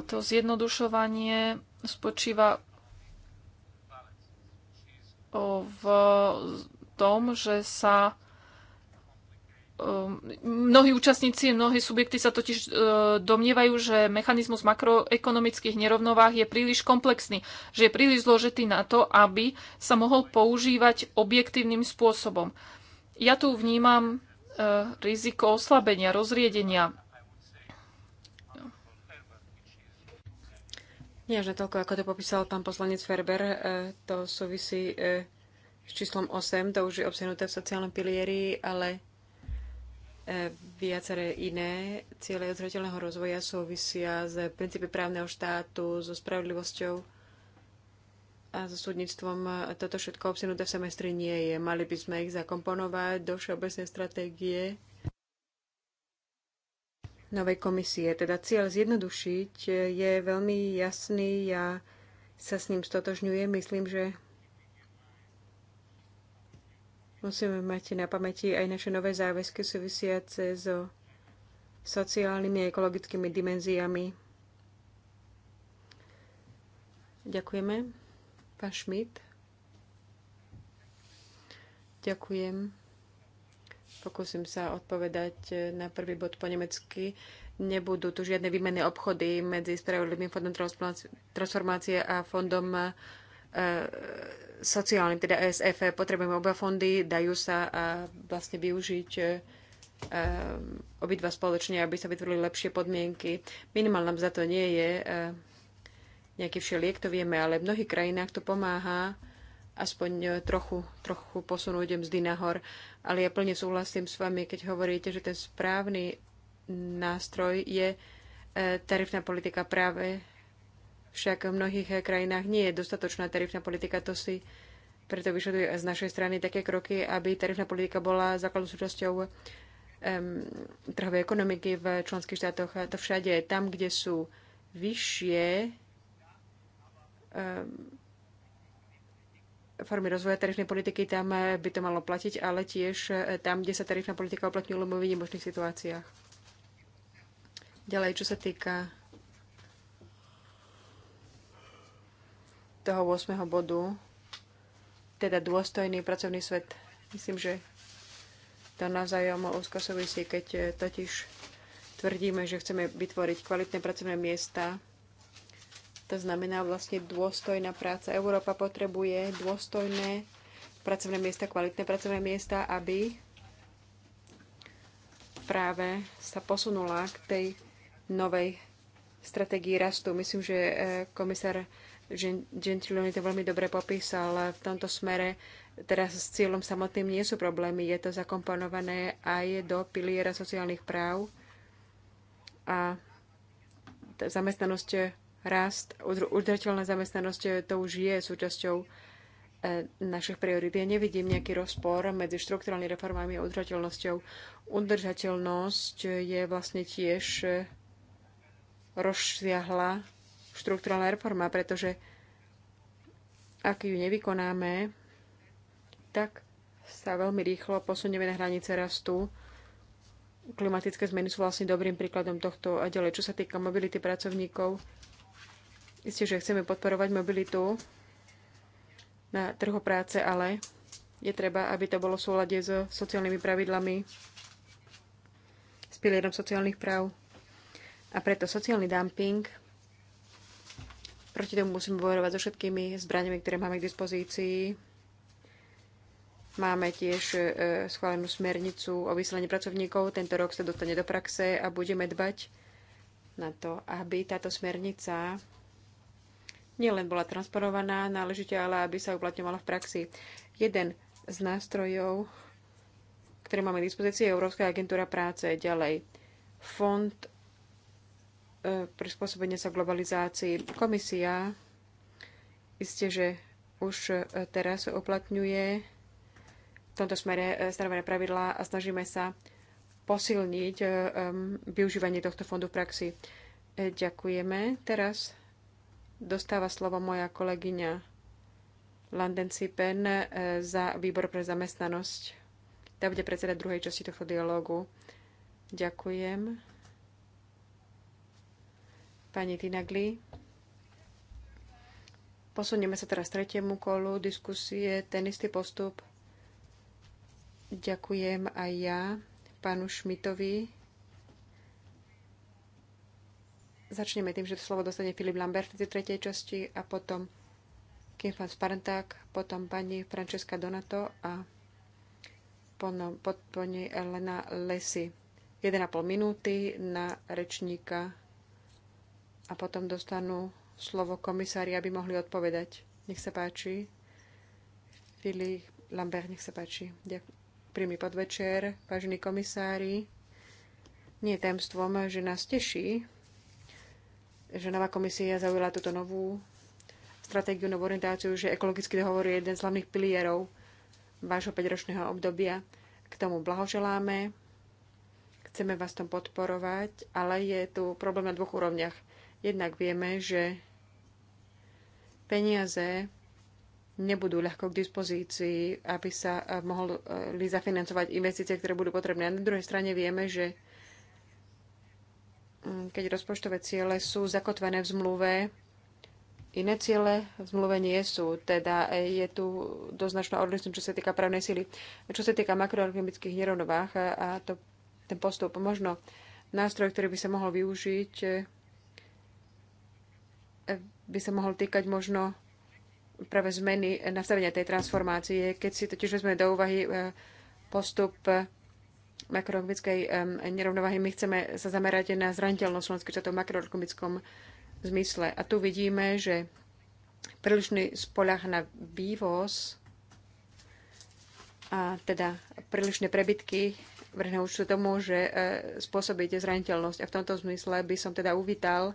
to zjednodušovanie spočíva v tom, že sa um, mnohí účastníci, mnohí subjekty sa totiž uh, domnievajú, že mechanizmus makroekonomických nerovnovách je príliš komplexný, že je príliš zložitý na to, aby sa mohol používať objektívnym spôsobom. Ja tu vnímam uh, riziko oslabenia, rozriedenia Nie že natoľko, ako to popísal pán poslanec Ferber, e, to súvisí e, s číslom 8, to už je obsenuté v sociálnom pilieri, ale e, viaceré iné ciele odzrateľného rozvoja súvisia s princípy právneho štátu, so spravodlivosťou a so súdnictvom. Toto všetko obsenuté v semestri nie je. Mali by sme ich zakomponovať do všeobecnej stratégie novej komisie. Teda cieľ zjednodušiť je veľmi jasný, ja sa s ním stotožňujem. Myslím, že musíme mať na pamäti aj naše nové záväzky súvisiace so sociálnymi a ekologickými dimenziami. Ďakujeme. Pán Schmidt. Ďakujem. Pokúsim sa odpovedať e, na prvý bod po nemecky. Nebudú tu žiadne výmenné obchody medzi Spravodlivým fondom transformácie a fondom e, sociálnym, teda ESF. Potrebujeme oba fondy, dajú sa a vlastne využiť e, obidva spoločne, aby sa vytvorili lepšie podmienky. Minimálna za to nie je nejaký všeliek, to vieme, ale v mnohých krajinách to pomáha aspoň e, trochu, trochu posunúť mzdy nahor. Ale ja plne súhlasím s vami, keď hovoríte, že ten správny nástroj je e, tarifná politika práve však v mnohých e, krajinách nie je dostatočná tarifná politika. To si preto vyžaduje z našej strany také kroky, aby tarifná politika bola základnou súčasťou um, trhovej ekonomiky v členských štátoch. A To všade, tam, kde sú vyššie um, formy rozvoja tarifnej politiky, tam eh, by to malo platiť, ale tiež eh, tam, kde sa tarifná politika uplatňuje lebo vo výnimočných situáciách. Ďalej, čo sa týka toho 8. bodu, teda dôstojný pracovný svet. Myslím, že to navzájom úzko súvisí, keď eh, totiž tvrdíme, že chceme vytvoriť kvalitné pracovné miesta, to znamená vlastne dôstojná práca. Európa potrebuje dôstojné pracovné miesta, kvalitné pracovné miesta, aby práve sa posunula k tej novej stratégii rastu. Myslím, že e, komisár Gentiloni to veľmi dobre popísal. V tomto smere teraz s cieľom samotným nie sú problémy. Je to zakomponované aj do piliera sociálnych práv a zamestnanosť rast, udržateľná zamestnanosť, eh, to už je súčasťou eh, našich priorít. Ja nevidím nejaký rozpor medzi štruktúralnými reformami a udržateľnosťou. Udržateľnosť je vlastne tiež eh, rozsiahla štrukturálna reforma, pretože ak ju nevykonáme, tak sa veľmi rýchlo posunieme na hranice rastu klimatické zmeny sú vlastne dobrým príkladom tohto a ďalej. Čo sa týka mobility pracovníkov, Isté, že chceme podporovať mobilitu na trhu práce, ale je treba, aby to bolo v súlade so sociálnymi pravidlami, s pilierom sociálnych práv. A preto sociálny dumping, proti tomu musíme bojovať so všetkými zbraniami, ktoré máme k dispozícii. Máme tiež e, schválenú smernicu o vysielaní pracovníkov. Tento rok sa dostane do praxe a budeme dbať na to, aby táto smernica nielen bola transponovaná náležite, ale aby sa uplatňovala v praxi. Jeden z nástrojov, ktoré máme k dispozícii, je Európska agentúra práce. Ďalej, fond e, prispôsobenia sa globalizácii. Komisia isté, že už e, teraz uplatňuje v tomto smere e, stanovené pravidlá a snažíme sa posilniť využívanie tohto fondu v praxi. Ďakujeme. Teraz Dostáva slovo moja kolegyňa Landen Cipen eh, za výbor pre zamestnanosť. Tá bude predseda druhej časti tohto dialógu. Ďakujem. Pani Tinagli. Posunieme sa teraz tretiemu kolu diskusie. Ten istý postup. Ďakujem aj ja panu Šmitovi Začneme tým, že to slovo dostane Filip Lambert v tej tretej časti a potom Kim van Sparenták, potom pani Francesca Donato a potom po, po nej Elena Lesy. 1,5 minúty na rečníka a potom dostanú slovo komisári, aby mohli odpovedať. Nech sa páči. Filip Lambert, nech sa páči. Ďakujem. Príjmy podvečer, vážení komisári. Nie je tajemstvom, že nás teší, že nová komisia zaujala túto novú stratégiu, novú orientáciu, že ekologický dohovor je jeden z hlavných pilierov vášho 5-ročného obdobia. K tomu blahoželáme, chceme vás tom podporovať, ale je tu problém na dvoch úrovniach. Jednak vieme, že peniaze nebudú ľahko k dispozícii, aby sa mohli zafinancovať investície, ktoré budú potrebné. A na druhej strane vieme, že Mm, keď rozpočtové ciele sú zakotvené v zmluve, iné ciele v zmluve nie sú. Teda e, je tu doznačná odlišnosť, čo sa týka právnej sily. Čo sa týka makroekonomických nerovnovách e, a to, ten postup, možno nástroj, ktorý by sa mohol využiť, e, by sa mohol týkať možno práve zmeny nastavenia tej transformácie, keď si totiž vezme do úvahy postup makroekonomickej nerovnováhy. My chceme sa zamerať na zraniteľnosť členských štátov v makroekonomickom zmysle. A tu vidíme, že prílišný spolah na vývoz a teda prílišné prebytky vrhne už tomu, že e, spôsobíte zraniteľnosť. A v tomto zmysle by som teda uvítal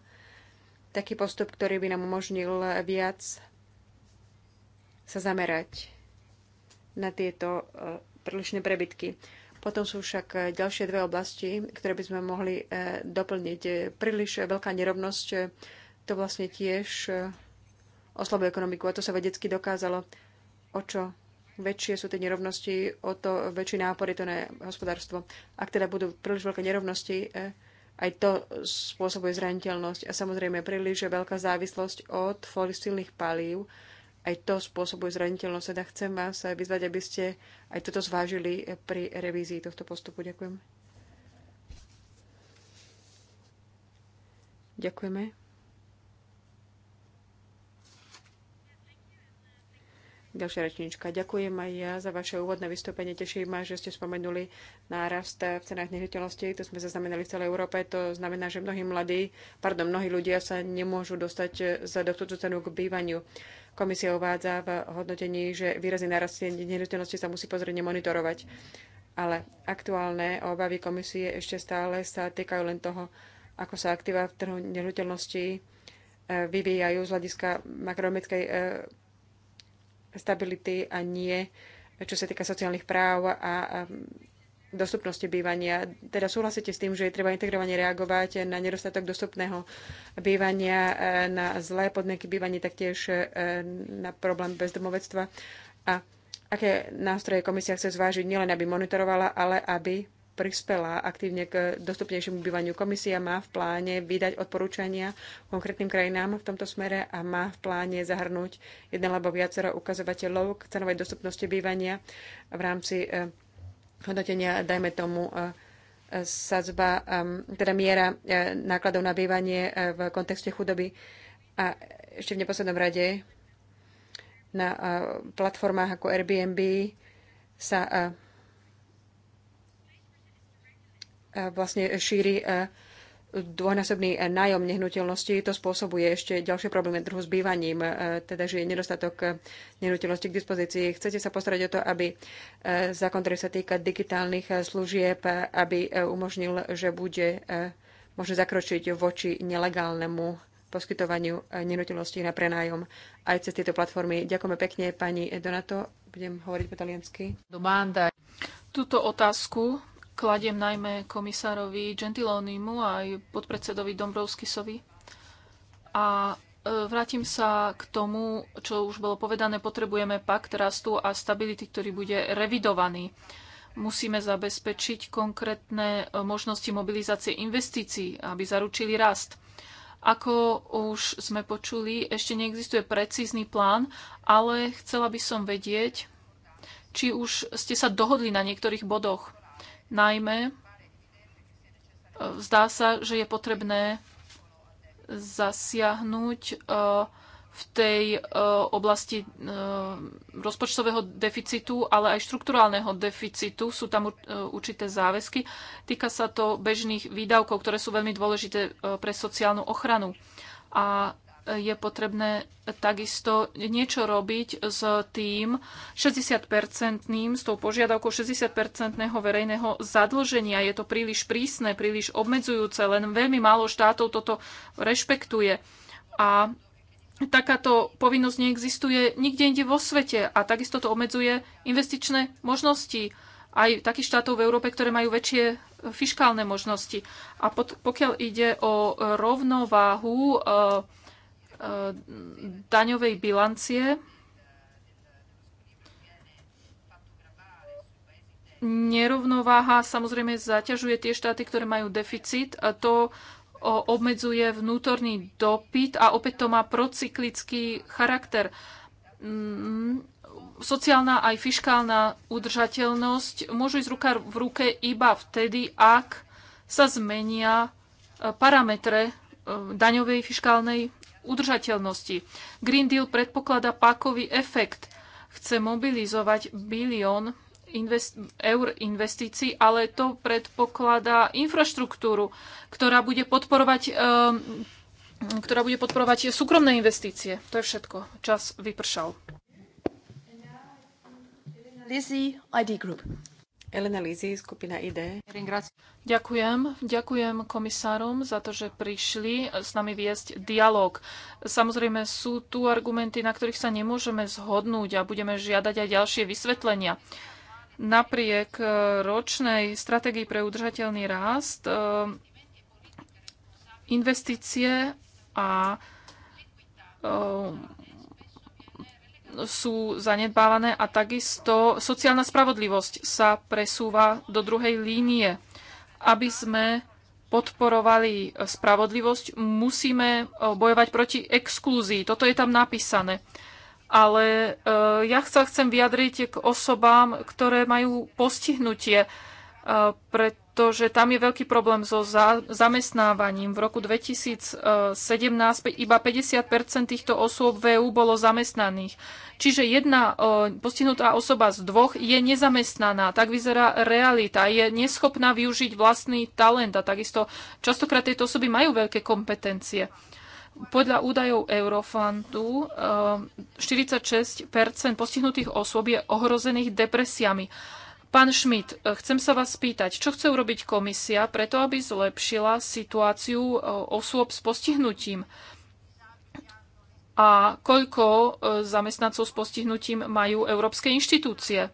taký postup, ktorý by nám umožnil viac sa zamerať na tieto e, prílišné prebytky. Potom sú však e, ďalšie dve oblasti, ktoré by sme mohli e, doplniť. E, príliš veľká nerovnosť to vlastne tiež oslabuje ekonomiku a to sa vedecky dokázalo. O čo väčšie sú tie nerovnosti, o to väčší nápor je to na hospodárstvo. Ak teda budú príliš veľké nerovnosti, aj to spôsobuje zraniteľnosť a samozrejme príliš veľká závislosť od fosilných palív aj to spôsobuje zraniteľnosť. Teda chcem vás vyzvať, aby ste aj toto zvážili pri revízii tohto postupu. Ďakujem. Ďakujeme. Ďalšia rečnička. Ďakujem aj ja za vaše úvodné vystúpenie. Teší ma, že ste spomenuli nárast v cenách nehnuteľností. To sme zaznamenali v celej Európe. To znamená, že mnohí mladí, pardon, mnohí ľudia sa nemôžu dostať za dostupnú cenu k bývaniu. Komisia uvádza v hodnotení, že výrazný nárast nehnuteľnosti sa musí pozorne monitorovať. Ale aktuálne obavy komisie ešte stále sa týkajú len toho, ako sa aktíva v trhu nehnuteľností e, vyvíjajú z hľadiska makroekonomickej e, stability a nie e, čo sa týka sociálnych práv a dostupnosti bývania. Teda súhlasíte s tým, že je treba integrovane reagovať na nedostatok dostupného bývania, e, na zlé podmienky bývania, taktiež e, na problém bezdomovectva a aké nástroje komisia chce zvážiť nielen, aby monitorovala, ale aby prispela aktívne k dostupnejšiemu bývaniu. Komisia má v pláne vydať odporúčania konkrétnym krajinám v tomto smere a má v pláne zahrnúť jeden alebo viacero ukazovateľov k cenovej dostupnosti bývania v rámci e, hodnotenia, dajme tomu, e, e, sadzba, e, teda miera nákladov na bývanie v kontexte chudoby a ešte v neposlednom rade na platformách ako Airbnb sa vlastne šíri dvojnásobný nájom nehnuteľnosti, to spôsobuje ešte ďalšie problémy trhu s bývaním, e, teda že je nedostatok e, nehnuteľnosti k dispozícii. Chcete sa postarať o to, aby e, zákon, ktorý sa týka digitálnych služieb, aby umožnil, že bude možno zakročiť voči nelegálnemu poskytovaniu nehnuteľnosti na prenájom aj cez tieto platformy. Ďakujeme pekne, pani Donato. Budem hovoriť po taliansky. Tuto otázku kladiem najmä komisárovi Gentilónimu aj podpredsedovi Dombrovskisovi. A e, vrátim sa k tomu, čo už bolo povedané, potrebujeme pakt rastu a stability, ktorý bude revidovaný. Musíme zabezpečiť konkrétne e, možnosti mobilizácie investícií, aby zaručili rast. Ako už sme počuli, ešte neexistuje precízny plán, ale chcela by som vedieť, či už ste sa dohodli na niektorých bodoch. Najmä e, zdá sa, že je potrebné zasiahnuť e, v tej e, oblasti rozpočtového deficitu, ale aj štrukturálneho deficitu. Sú tam určité záväzky. Týka sa to bežných výdavkov, ktoré sú veľmi dôležité pre sociálnu ochranu. A je potrebné takisto niečo robiť s tým 60-percentným, s tou požiadavkou 60-percentného verejného zadlženia. Je to príliš prísne, príliš obmedzujúce, len veľmi málo štátov toto rešpektuje. A takáto povinnosť neexistuje nikde inde vo svete a takisto to obmedzuje investičné možnosti aj takých štátov v Európe, ktoré majú väčšie fiškálne možnosti. A pod, pokiaľ ide o rovnováhu eh, E, daňovej bilancie nerovnováha samozrejme zaťažuje tie štáty, ktoré majú deficit. A to e, obmedzuje vnútorný dopyt a opäť to má procyklický charakter. Mm, sociálna aj fiškálna udržateľnosť môžu ísť ruka v ruke iba vtedy, ak sa zmenia e, parametre daňovej fiškálnej udržateľnosti. Green Deal predpokladá pákový efekt. Chce mobilizovať bilión invest- eur investícií, ale to predpokladá infraštruktúru, ktorá bude podporovať um, ktorá bude podporovať súkromné investície. To je všetko. Čas vypršal. Lizzie, ID Group. Elena Lizy, skupina ID. Ďakujem. Ďakujem komisárom za to, že prišli s nami viesť dialog. Samozrejme sú tu argumenty, na ktorých sa nemôžeme zhodnúť a budeme žiadať aj ďalšie vysvetlenia. Napriek e, ročnej stratégii pre udržateľný rást e, investície a e, sú zanedbávané a takisto sociálna spravodlivosť sa presúva do druhej línie. Aby sme podporovali spravodlivosť, musíme e, bojovať proti exklúzii. Toto je tam napísané. Ale e, ja sa chcem vyjadriť k osobám, ktoré majú postihnutie, e, pretože to, že tam je veľký problém so za, zamestnávaním. V roku 2017 iba 50 týchto osôb v EU bolo zamestnaných. Čiže jedna e, postihnutá osoba z dvoch je nezamestnaná. Tak vyzerá realita. Je neschopná využiť vlastný talent a takisto častokrát tieto osoby majú veľké kompetencie. Podľa údajov Eurofantu 46 e, postihnutých osôb je ohrozených depresiami Pán Schmidt, e, chcem sa vás spýtať, čo chce urobiť komisia preto, aby zlepšila situáciu e, osôb s postihnutím? A koľko e, zamestnancov s postihnutím majú európske inštitúcie?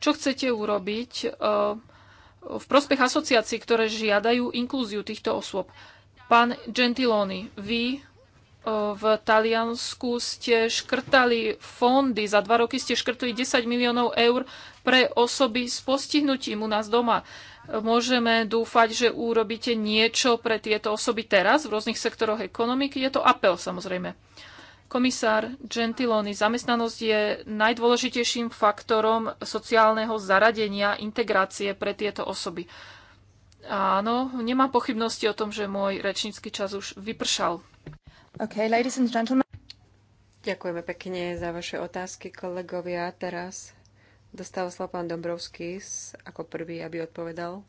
Čo chcete urobiť v prospech asociácií, ktoré žiadajú inklúziu týchto osôb? Pán Gentiloni, vy v Taliansku ste škrtali fondy, za dva roky ste škrtli 10 miliónov eur pre osoby s postihnutím u nás doma. Môžeme dúfať, že urobíte niečo pre tieto osoby teraz v rôznych sektoroch ekonomiky. Je to apel samozrejme. Komisár Gentiloni, zamestnanosť je najdôležitejším faktorom sociálneho zaradenia, integrácie pre tieto osoby. Áno, nemám pochybnosti o tom, že môj rečnícky čas už vypršal. Okay, ladies and gentlemen. Ďakujeme pekne za vaše otázky, kolegovia. Teraz dostal slovo pán Dombrovský ako prvý, aby odpovedal.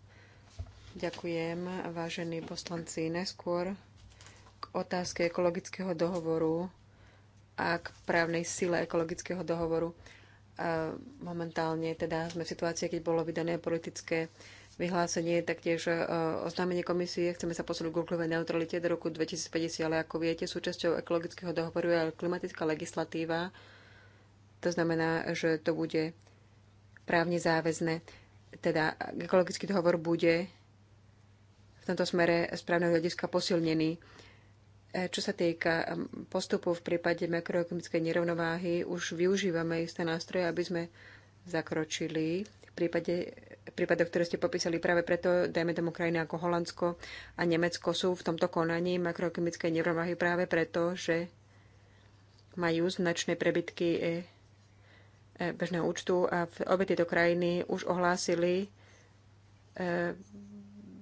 Ďakujem, vážení poslanci. neskôr k otázke ekologického dohovoru a k právnej sile ekologického dohovoru. Momentálne teda sme v situácii, keď bolo vydané politické vyhlásenie, taktiež e, oznámenie komisie. Chceme sa posunúť k uhlkovej neutralite do roku 2050, ale ako viete, súčasťou ekologického dohovoru je klimatická legislatíva. To znamená, že to bude právne záväzné. Teda ekologický dohovor bude v tomto smere správneho hľadiska posilnený. E, čo sa týka e, postupu v prípade makroekonomickej nerovnováhy, už využívame isté nástroje, aby sme zakročili v prípade prípadoch, ktoré ste popísali práve preto, dajme tomu krajiny ako Holandsko a Nemecko sú v tomto konaní makroekonomické nerovnováhy práve preto, že majú značné prebytky e, e, bežného účtu a obe tieto krajiny už ohlásili e,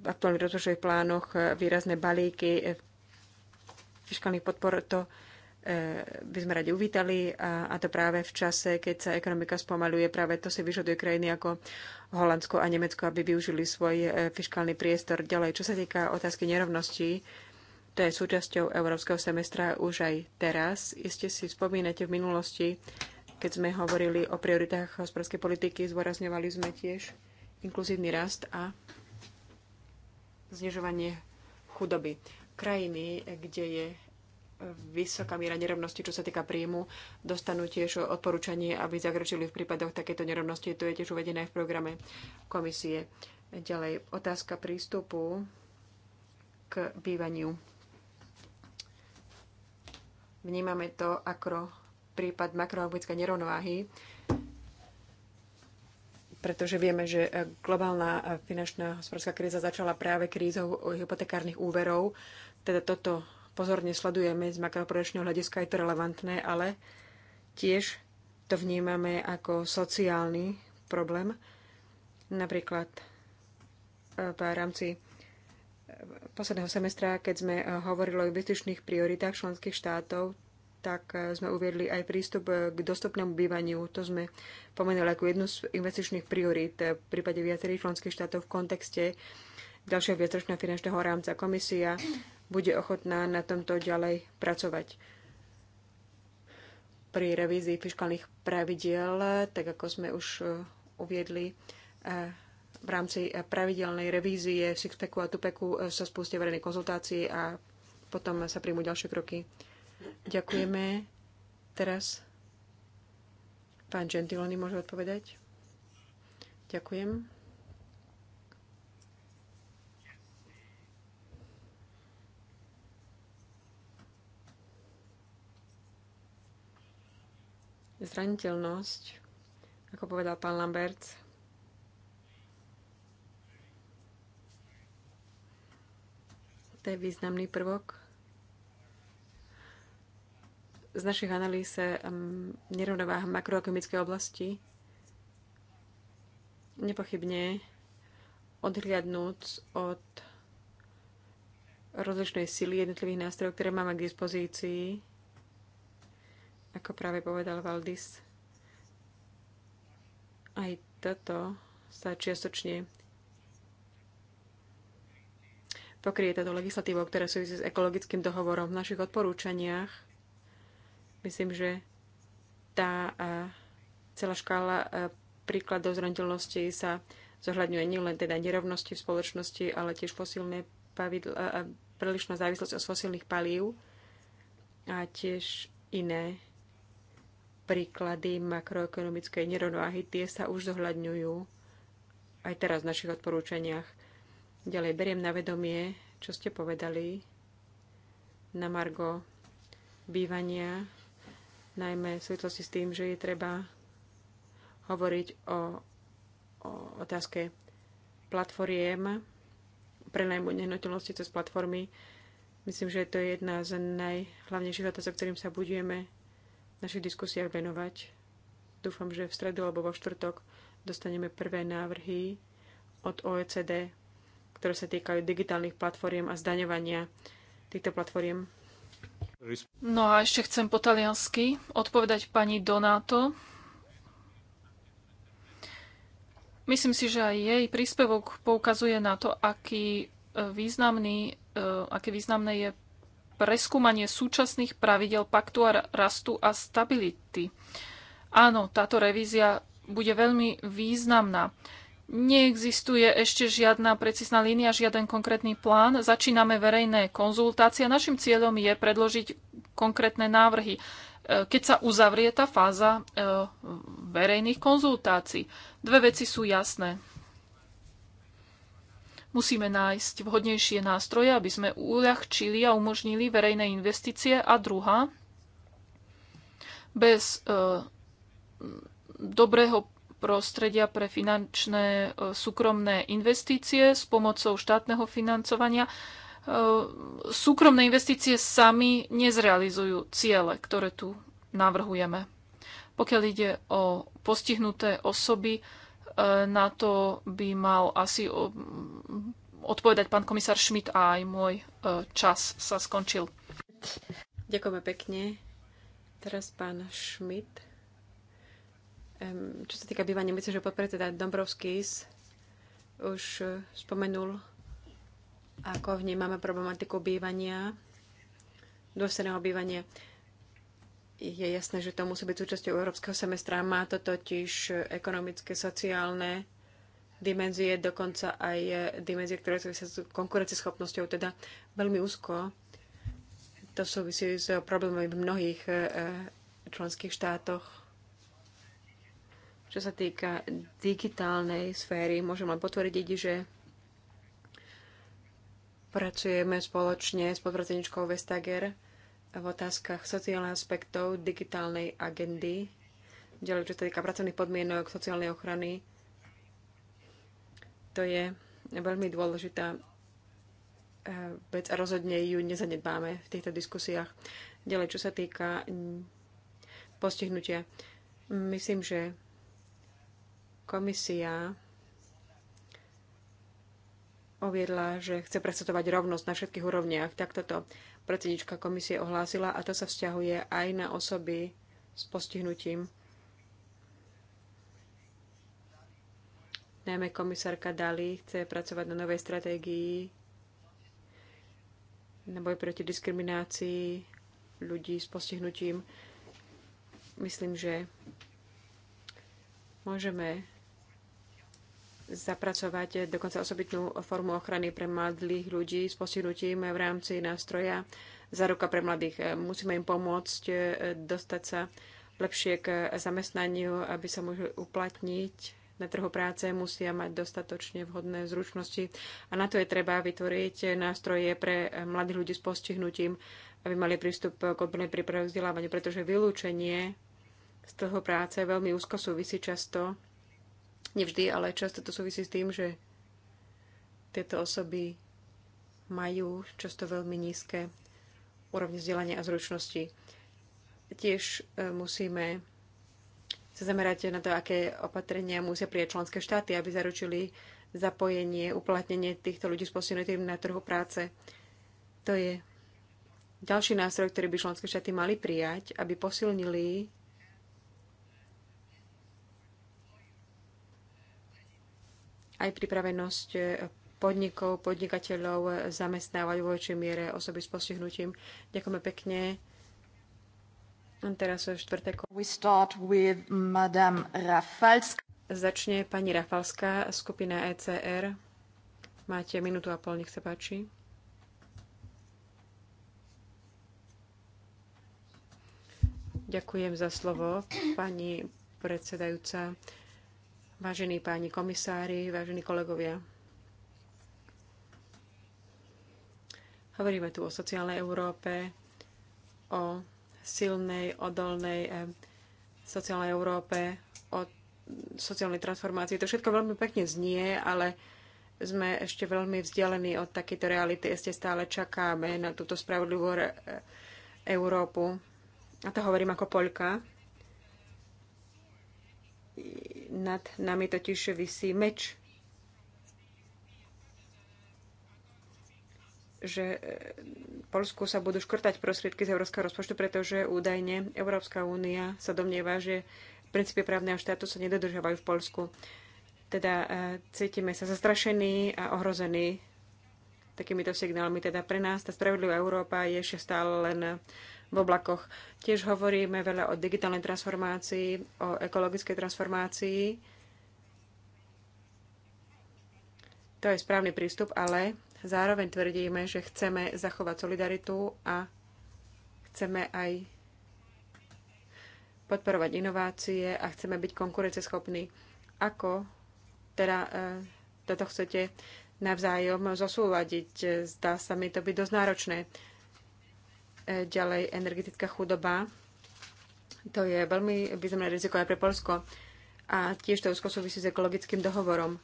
v aktuálnych rozpočtových plánoch výrazné balíky fiskálnych podpor. To Eh, by sme radi uvítali a, a to práve v čase, keď sa ekonomika spomaluje. Práve to si vyžaduje krajiny ako Holandsko a Nemecko, aby využili svoj eh, fiskálny priestor ďalej. Čo sa týka otázky nerovností, to je súčasťou európskeho semestra už aj teraz. Iste si spomínate v minulosti, keď sme hovorili o prioritách hospodárskej politiky, zdôrazňovali sme tiež inkluzívny rast a znižovanie chudoby. Krajiny, eh, kde je vysoká miera nerovnosti, čo sa týka príjmu, dostanú tiež odporúčanie, aby zakročili v prípadoch takéto nerovnosti. To je tiež uvedené v programe komisie. Ďalej, otázka prístupu k bývaniu. Vnímame to ako prípad makroekonomické nerovnováhy, pretože vieme, že globálna finančná hospodárska kríza začala práve krízou hypotekárnych úverov. Teda toto pozorne sledujeme z makroproječného hľadiska, je to relevantné, ale tiež to vnímame ako sociálny problém. Napríklad e, v rámci e, posledného semestra, keď sme e, hovorili o investičných prioritách členských štátov, tak sme uviedli aj prístup k dostupnému bývaniu. To sme pomenuli ako jednu z investičných priorít v prípade viacerých členských štátov v kontexte ďalšieho viacročného finančného rámca. Komisia bude ochotná na tomto ďalej pracovať. Pri revízii fiskálnych pravidiel, tak ako sme už e, uviedli, e, v rámci e, pravidelnej revízie Sixpacku a Tupeku sa spustia verejné konzultácie a potom sa príjmu ďalšie kroky. Ďakujeme. Teraz pán Gentiloni môže odpovedať. Ďakujem. zraniteľnosť, ako povedal pán Lambert, to je významný prvok. Z našich analýz um, nerovnováha makroekonomickej oblasti nepochybne odhliadnúť od rozličnej sily jednotlivých nástrojov, ktoré máme k dispozícii, ako práve povedal Valdis, aj toto sa čiastočne pokrie táto legislatívou, ktorá súvisí s ekologickým dohovorom v našich odporúčaniach. Myslím, že tá e, celá škála e, príkladov zraniteľnosti sa zohľadňuje nielen teda nerovnosti v spoločnosti, ale tiež fosílne pavidla, e, prílišná závislosť od fosílnych palív a tiež iné príklady makroekonomickej nerovnováhy, tie sa už zohľadňujú aj teraz v našich odporúčaniach. Ďalej beriem na vedomie, čo ste povedali na Margo bývania, najmä v súvislosti s tým, že je treba hovoriť o, o otázke platformiem, prenajmu nehnuteľnosti cez platformy. Myslím, že to je jedna z najhlavnejších otázok, ktorým sa budujeme našich diskusiách venovať. Dúfam, že v stredu alebo vo štvrtok dostaneme prvé návrhy od OECD, ktoré sa týkajú digitálnych platform a zdaňovania týchto platform. No a ešte chcem po taliansky odpovedať pani Donato. Myslím si, že aj jej príspevok poukazuje na to, aký e, významný, e, aké významné je preskúmanie súčasných pravidel paktu a rastu a stability. Áno, táto revízia bude veľmi významná. Neexistuje ešte žiadna precízna línia, žiaden konkrétny plán. Začíname verejné konzultácie. Našim cieľom je predložiť konkrétne návrhy e, keď sa uzavrie tá fáza e, verejných konzultácií. Dve veci sú jasné. Musíme nájsť vhodnejšie nástroje, aby sme uľahčili a umožnili verejné investície. A druhá, bez e, dobrého prostredia pre finančné e, súkromné investície s pomocou štátneho financovania e, súkromné investície sami nezrealizujú ciele, ktoré tu navrhujeme. Pokiaľ ide o postihnuté osoby, na to by mal asi odpovedať pán komisár Schmidt a aj môj e, čas sa skončil. Ďakujeme pekne. Teraz pán Schmidt. Čo sa týka bývania, myslím, že podpredseda Dombrovskis už e, spomenul, ako vnímame problematiku bývania, dôstojného bývania je jasné, že to musí byť súčasťou európskeho semestra. Má to totiž ekonomické, sociálne dimenzie, dokonca aj dimenzie, ktoré súvisia s konkurenceschopnosťou, teda veľmi úzko. To súvisí s problémami v mnohých e, členských štátoch. Čo sa týka digitálnej sféry, môžem len potvrdiť, že pracujeme spoločne s podpredsedničkou Vestager v otázkach sociálnych aspektov digitálnej agendy, ďalej čo sa týka pracovných podmienok, sociálnej ochrany. To je veľmi dôležitá eh, vec a rozhodne ju nezanedbáme v týchto diskusiách. Ďalej, čo sa týka mm, postihnutia, myslím, že komisia uviedla, že chce presetovať rovnosť na všetkých úrovniach. Takto to predsednička komisie ohlásila a to sa vzťahuje aj na osoby s postihnutím. Najmä komisárka Dali chce pracovať na novej stratégii na boj proti diskriminácii ľudí s postihnutím. Myslím, že môžeme zapracovať dokonca osobitnú formu ochrany pre mladých ľudí s postihnutím v rámci nástroja za ruka pre mladých. Musíme im pomôcť eh, dostať sa lepšie k zamestnaniu, aby sa mohli uplatniť na trhu práce, musia mať dostatočne vhodné zručnosti a na to je treba vytvoriť nástroje pre mladých ľudí s postihnutím, aby mali prístup k odbornej príprave vzdelávania, pretože vylúčenie z trhu práce veľmi úzko súvisí často Nevždy, ale často to súvisí s tým, že tieto osoby majú často veľmi nízke úrovne vzdelania a zručnosti. Tiež e, musíme sa zamerať na to, aké opatrenia musia prijať členské štáty, aby zaručili zapojenie, uplatnenie týchto ľudí s posunutým na trhu práce. To je ďalší nástroj, ktorý by členské štáty mali prijať, aby posilnili aj pripravenosť e, podnikov, podnikateľov zamestnávať vo väčšej miere osoby s postihnutím. Ďakujeme pekne. Teraz štvrté kolo. We start with Madame Rafalska. Začne pani Rafalská, skupina ECR. Máte minútu a pol, nech sa páči. Ďakujem za slovo, pani predsedajúca vážení páni komisári, vážení kolegovia. Hovoríme tu o sociálnej Európe, o silnej, odolnej eh, sociálnej Európe, o sociálnej transformácii. To všetko veľmi pekne znie, ale sme ešte veľmi vzdialení od takéto reality. Ešte stále čakáme na túto spravodlivú eh, Európu. A to hovorím ako Poľka. Nad nami totiž vysí meč, že e, Polsku sa budú škrtať prostriedky z európskeho rozpočtu, pretože údajne Európska únia sa domnieva, že princípy právneho štátu sa nedodržiavajú v Polsku. Teda e, cítime sa zastrašení a ohrození takýmito signálmi. Teda pre nás tá spravodlivá Európa je ešte stále len uh, v oblakoch. Tiež hovoríme veľa o digitálnej transformácii, o ekologickej transformácii. To je správny prístup, ale zároveň tvrdíme, že chceme zachovať solidaritu a chceme aj podporovať inovácie a chceme byť konkurenceschopní. Ako teda e, toto chcete navzájom zosúľadiť? Zdá sa mi to byť dosť náročné. E, ďalej energetická chudoba. To je veľmi významné riziko aj pre Polsko. A tiež to úzko súvisí s ekologickým dohovorom.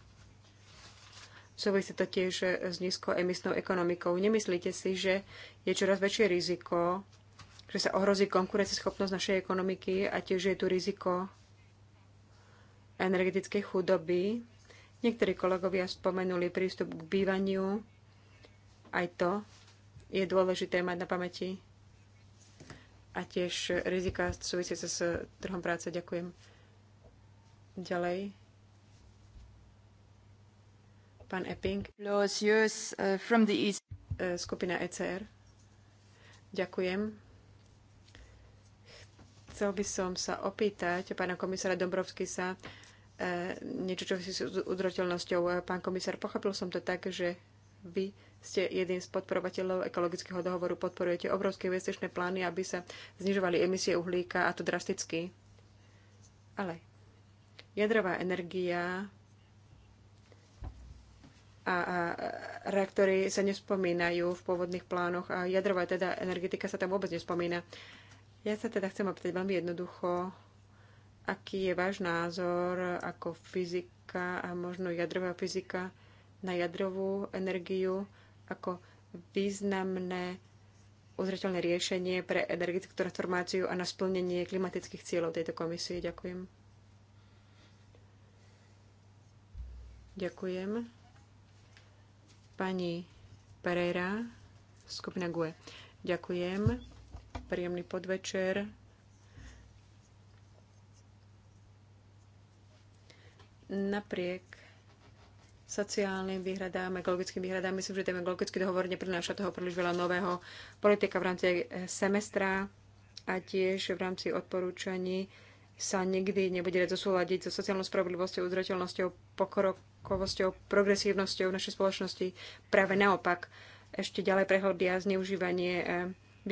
Súvisí to tiež e, s nízkoemisnou ekonomikou. Nemyslíte si, že je čoraz väčšie riziko, že sa ohrozí konkurenceschopnosť našej ekonomiky a tiež je tu riziko energetickej chudoby. Niektorí kolegovia spomenuli prístup k bývaniu. Aj to je dôležité mať na pamäti a tiež rizika súvisiace s trhom práce. Ďakujem. Ďalej. Pán Epping. Uh, e, skupina ECR. Ďakujem. Chcel by som sa opýtať pána komisára Dombrovský sa e, niečo, čo si s udrotelnosťou. E, pán komisár, pochopil som to tak, že vy ste jedným z podporovateľov ekologického dohovoru, podporujete obrovské investičné plány, aby sa znižovali emisie uhlíka a to drasticky. Ale jadrová energia a, a reaktory sa nespomínajú v pôvodných plánoch a jadrová teda energetika sa tam vôbec nespomína. Ja sa teda chcem opýtať veľmi jednoducho, aký je váš názor ako fyzika a možno jadrová fyzika na jadrovú energiu ako významné uzreteľné riešenie pre energetickú transformáciu a na splnenie klimatických cieľov tejto komisie. Ďakujem. Ďakujem. Pani Pereira, skupina GUE. Ďakujem. Príjemný podvečer. Napriek sociálnym výhradám, ekologickým výhradám. Myslím, že ten ekologický dohovor neprináša toho príliš veľa nového. Politika v rámci semestra a tiež v rámci odporúčaní sa nikdy nebude dať zosúľadiť so sociálnou spravodlivosťou, udržateľnosťou, pokrokovosťou, progresívnosťou v našej spoločnosti. Práve naopak, ešte ďalej prehlbia zneužívanie, e,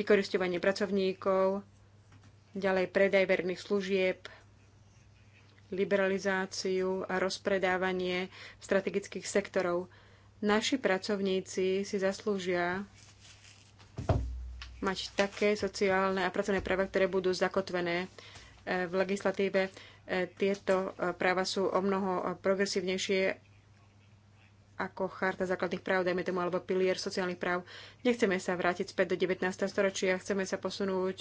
vykoristovanie pracovníkov, ďalej predaj verných služieb, liberalizáciu a rozpredávanie strategických sektorov. Naši pracovníci si zaslúžia mať také sociálne a pracovné práva, ktoré budú zakotvené e, v legislatíve. E, tieto e, práva sú o mnoho progresívnejšie ako charta základných práv, dajme tomu, alebo pilier sociálnych práv. Nechceme sa vrátiť späť do 19. storočia, chceme sa posunúť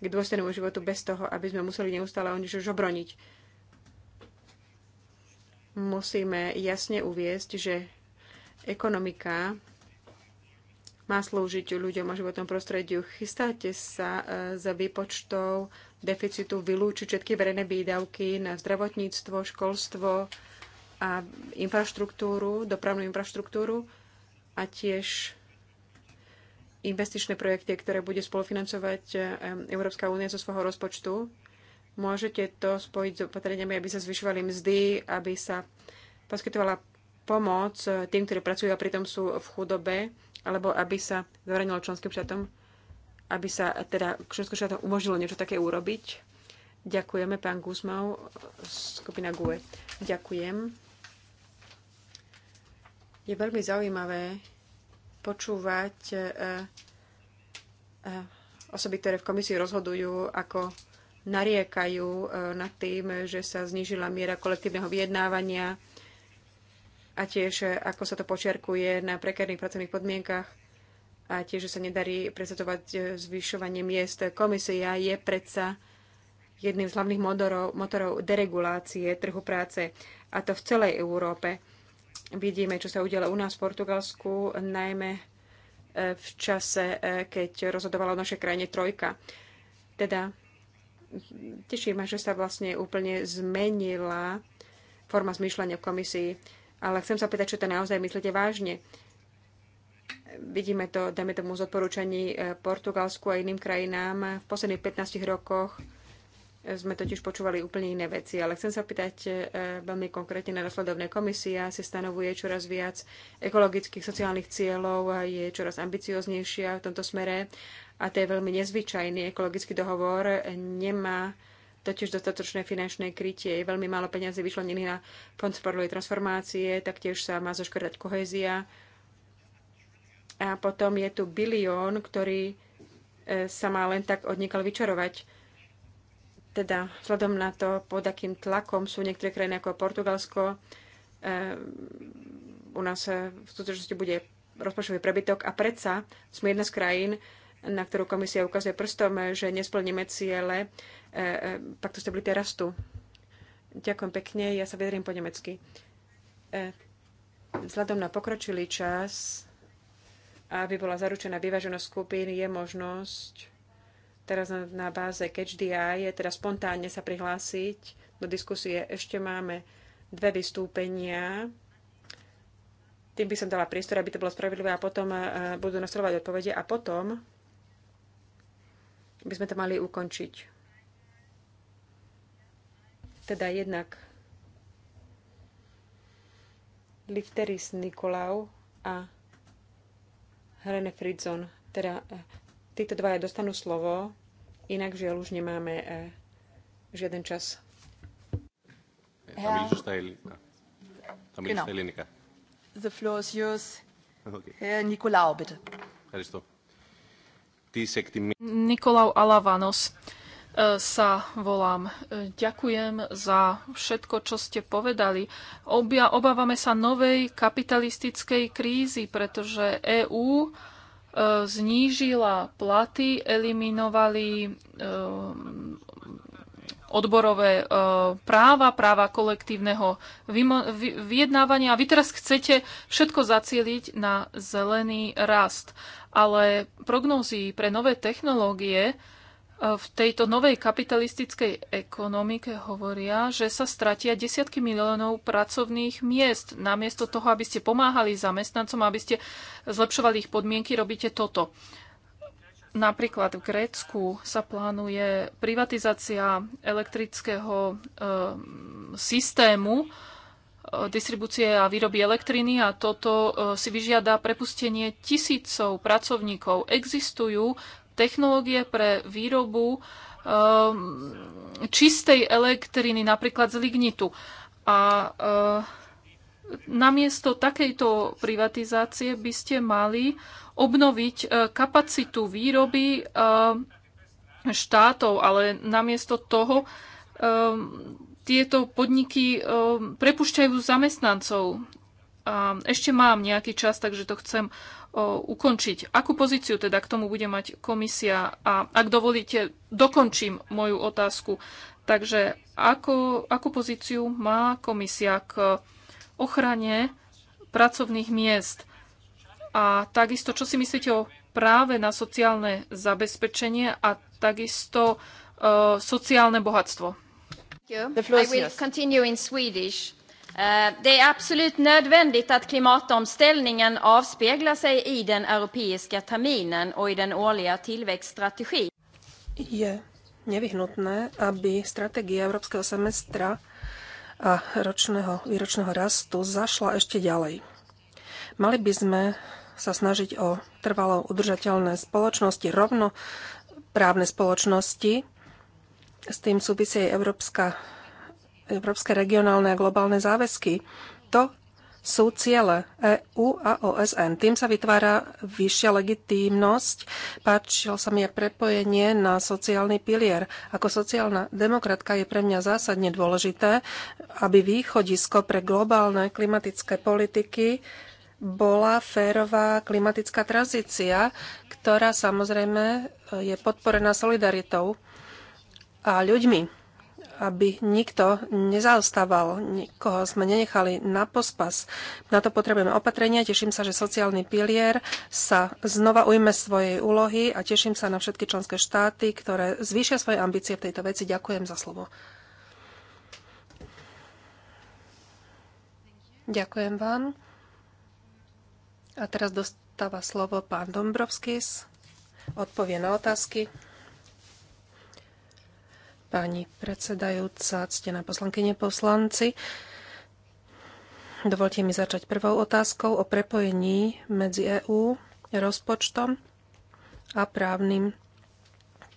k dôstojnému životu bez toho, aby sme museli neustále o niečo žobroniť musíme jasne uviesť, že ekonomika má slúžiť ľuďom a životnom prostrediu. Chystáte sa e, za výpočtou deficitu vylúčiť všetky verejné výdavky na zdravotníctvo, školstvo a infraštruktúru, dopravnú infraštruktúru a tiež investičné projekty, ktoré bude spolufinancovať e, Európska únia zo svojho rozpočtu. Môžete to spojiť s opatreniami, aby sa zvyšovali mzdy, aby sa poskytovala pomoc tým, ktorí pracujú a pritom sú v chudobe, alebo aby sa zavránilo členským štátom, aby sa teda členským štátom umožnilo niečo také urobiť. Ďakujeme, pán Guzmau, skupina GUE. Ďakujem. Je veľmi zaujímavé počúvať eh, eh, osoby, ktoré v komisii rozhodujú, ako nariekajú e, nad tým, že sa znížila miera kolektívneho vyjednávania a tiež, e, ako sa to počiarkuje, na prekárnych pracovných podmienkach a tiež, že sa nedarí prezentovať e, zvyšovanie miest. Komisia je predsa jedným z hlavných motorov, motorov deregulácie trhu práce, a to v celej Európe. Vidíme, čo sa udiela u nás v Portugalsku, najmä v čase, keď rozhodovala o našej krajine trojka. Teda teší ma, že sa vlastne úplne zmenila forma zmýšľania v komisii. Ale chcem sa pýtať, čo to naozaj myslíte vážne. Vidíme to, dajme tomu z odporúčaní eh, Portugalsku a iným krajinám. V posledných 15 rokoch sme totiž počúvali úplne iné veci, ale chcem sa pýtať e, veľmi konkrétne na rozhľadovné Komisia si stanovuje čoraz viac ekologických sociálnych cieľov a je čoraz ambicioznejšia v tomto smere a to je veľmi nezvyčajný ekologický dohovor. Nemá totiž dostatočné finančné krytie, je veľmi málo peniazy vyčlenených na fond sporovej transformácie, taktiež sa má zoškrtať kohézia. A potom je tu bilión, ktorý e, sa má len tak odnikal vyčarovať teda vzhľadom na to, pod akým tlakom sú niektoré krajiny ako Portugalsko, eh, u nás eh, v skutočnosti bude rozpočtový prebytok a predsa sme jedna z krajín, na ktorú komisia ukazuje prstom, eh, že nesplníme ciele paktu stability rastu. Ďakujem pekne, ja sa vyjadrím po nemecky. Vzhľadom na pokročilý čas, aby bola zaručená vyváženosť skupín, je možnosť teraz na, na báze CatchDI je teda spontánne sa prihlásiť do diskusie. Ešte máme dve vystúpenia. Tým by som dala priestor, aby to bolo spravedlivé a potom e, budú nasledovať odpovede a potom by sme to mali ukončiť. Teda jednak Lifteris Nikolau a Helene Fridzon. Teda e, Títo dvaja dostanú slovo, inak žiaľ už nemáme e, žiaden čas. The floor is yours. Okay. Herr Nikolaou, bitte. Nikolau Alavanos e, sa volám. E, ďakujem za všetko, čo ste povedali. Obia, obávame sa novej kapitalistickej krízy, pretože EÚ EU E, znížila platy, eliminovali e, odborové e, práva, práva kolektívneho vyjednávania. A vy teraz chcete všetko zacieliť na zelený rast. Ale prognózy pre nové technológie E, v tejto novej kapitalistickej ekonomike hovoria, že sa stratia desiatky miliónov pracovných miest. Namiesto toho, aby ste pomáhali zamestnancom, aby ste zlepšovali ich podmienky, robíte toto. Napríklad v Grécku sa plánuje privatizácia elektrického e, systému e, distribúcie a výroby elektriny a toto e, si vyžiada prepustenie tisícov pracovníkov. Existujú technológie pre výrobu um, čistej elektriny, napríklad z lignitu. A uh, namiesto takejto privatizácie by ste mali obnoviť e, kapacitu výroby ehm, štátov, ale namiesto toho tieto podniky prepušťajú zamestnancov. Ešte mám nejaký čas, takže to chcem ukončiť. Akú pozíciu teda k tomu bude mať komisia? A ak dovolíte, dokončím moju otázku. Takže ako, akú pozíciu má komisia k ochrane pracovných miest? A takisto, čo si myslíte o práve na sociálne zabezpečenie a takisto uh, sociálne bohatstvo? The floor is Swedish. Eh, det är absolut nödvändigt att klimatomställningen avspeglar sig i den europeiska terminen och i den årliga tillväxtstrategin. Je nevyhnutné, aby stratégia európskeho semestra a ročného, výročného rastu zašla ešte ďalej. Mali by sme sa snažiť o trvalo udržateľné spoločnosti, rovnoprávne spoločnosti. S tým súvisí aj Európska európske regionálne a globálne záväzky. To sú ciele EU a OSN. Tým sa vytvára vyššia legitímnosť. Páčil sa mi prepojenie na sociálny pilier. Ako sociálna demokratka je pre mňa zásadne dôležité, aby východisko pre globálne klimatické politiky bola férová klimatická tranzícia, ktorá samozrejme je podporená solidaritou a ľuďmi aby nikto nezaostával, nikoho sme nenechali na pospas. Na to potrebujeme opatrenia. Teším sa, že sociálny pilier sa znova ujme svojej úlohy a teším sa na všetky členské štáty, ktoré zvýšia svoje ambície v tejto veci. Ďakujem za slovo. Ďakujem vám. A teraz dostáva slovo pán Dombrovskis. Odpovie na otázky. Pani predsedajúca, ctená poslankyne poslanci, dovolte mi začať prvou otázkou o prepojení medzi EÚ rozpočtom a právnym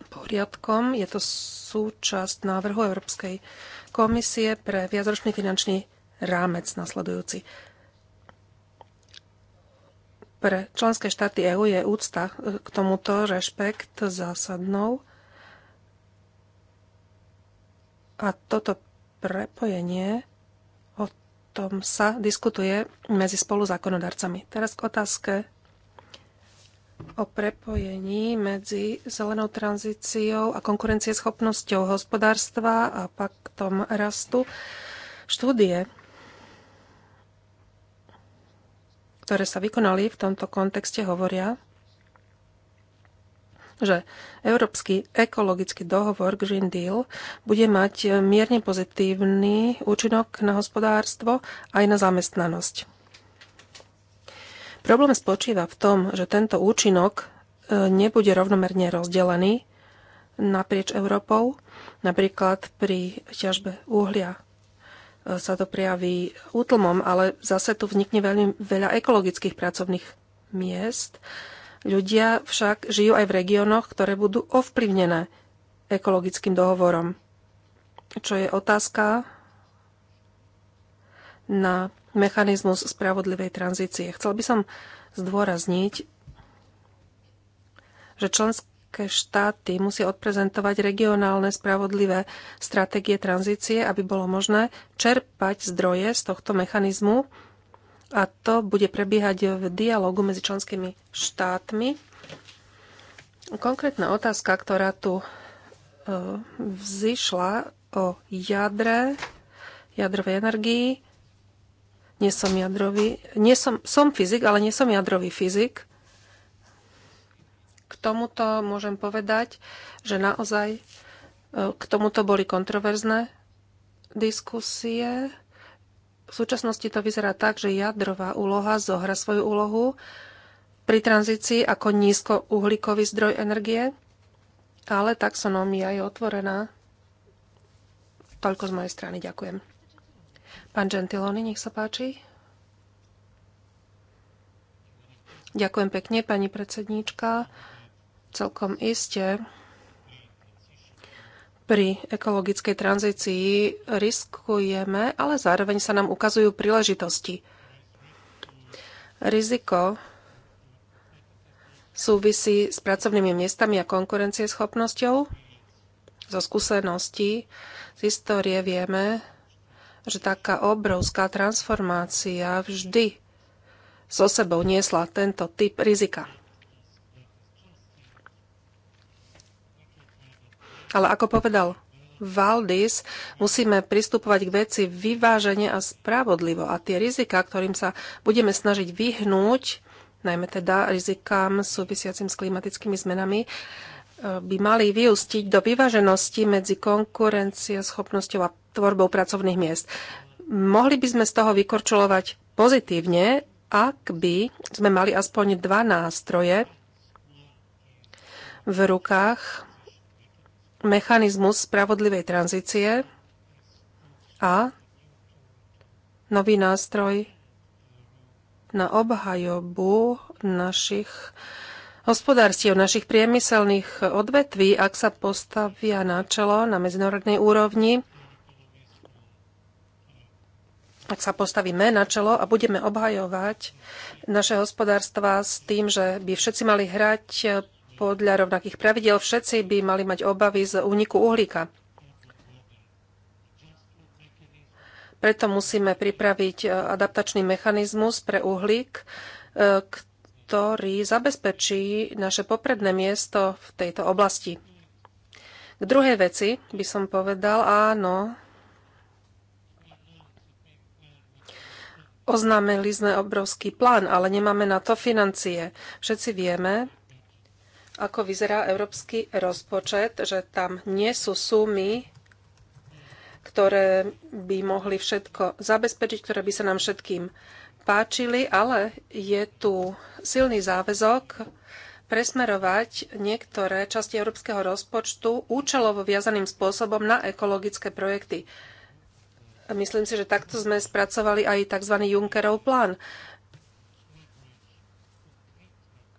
poriadkom. Je to súčasť návrhu Európskej komisie pre viacročný finančný rámec nasledujúci. Pre členské štáty EÚ je úcta k tomuto rešpekt zásadnou A toto prepojenie, o tom sa diskutuje medzi spoluzákonodarcami. Teraz k otázke o prepojení medzi zelenou tranzíciou a konkurencieschopnosťou hospodárstva a paktom rastu. Štúdie, ktoré sa vykonali v tomto kontexte, hovoria, že Európsky ekologický dohovor Green Deal bude mať mierne pozitívny účinok na hospodárstvo aj na zamestnanosť. Problém spočíva v tom, že tento účinok e, nebude rovnomerne rozdelený naprieč Európou. Napríklad pri ťažbe uhlia e, sa to prijaví útlmom, ale zase tu vnikne veľmi veľa ekologických pracovných miest Ľudia však žijú aj v regiónoch, ktoré budú ovplyvnené ekologickým dohovorom, čo je otázka na mechanizmus spravodlivej tranzície. Chcel by som zdôrazniť, že členské štáty musia odprezentovať regionálne spravodlivé stratégie tranzície, aby bolo možné čerpať zdroje z tohto mechanizmu a to bude prebiehať v dialogu medzi členskými štátmi. Konkrétna otázka, ktorá tu e, vzýšla o jadre, jadrovej energii. Nie som jadrový, nie som, som fyzik, ale nie som jadrový fyzik. K tomuto môžem povedať, že naozaj e, k tomuto boli kontroverzné diskusie. V súčasnosti to vyzerá tak, že jadrová úloha zohra svoju úlohu pri tranzícii ako nízkouhlíkový zdroj energie, ale taxonómia je otvorená. Toľko z mojej strany. Ďakujem. Pán Gentiloni, nech sa páči. Ďakujem pekne, pani predsedníčka. Celkom iste pri ekologickej tranzícii riskujeme, ale zároveň sa nám ukazujú príležitosti. Riziko súvisí s pracovnými miestami a konkurencieschopnosťou. Zo skúseností z histórie vieme, že taká obrovská transformácia vždy so sebou niesla tento typ rizika. Ale ako povedal Valdis, musíme pristupovať k veci vyvážene a spravodlivo. A tie rizika, ktorým sa budeme snažiť vyhnúť, najmä teda rizikám súvisiacim s klimatickými zmenami, e, by mali vyústiť do vyváženosti medzi konkurencieschopnosťou a tvorbou pracovných miest. Mohli by sme z toho vykorčulovať pozitívne, ak by sme mali aspoň dva nástroje v rukách mechanizmus spravodlivej tranzície a nový nástroj na obhajobu našich hospodárstiev, našich priemyselných odvetví, ak sa postavia na čelo na medzinárodnej úrovni, ak sa postavíme na čelo a budeme obhajovať naše hospodárstva s tým, že by všetci mali hrať podľa rovnakých pravidel všetci by mali mať obavy z úniku uhlíka. Preto musíme pripraviť e, adaptačný mechanizmus pre uhlík, e, ktorý zabezpečí naše popredné miesto v tejto oblasti. K druhej veci by som povedal, áno, oznámili sme obrovský plán, ale nemáme na to financie. Všetci vieme, ako vyzerá európsky rozpočet, že tam nie sú sumy, ktoré by mohli všetko zabezpečiť, ktoré by sa nám všetkým páčili, ale je tu silný záväzok presmerovať niektoré časti európskeho rozpočtu účelovo viazaným spôsobom na ekologické projekty. Myslím si, že takto sme spracovali aj tzv. Junckerov plán.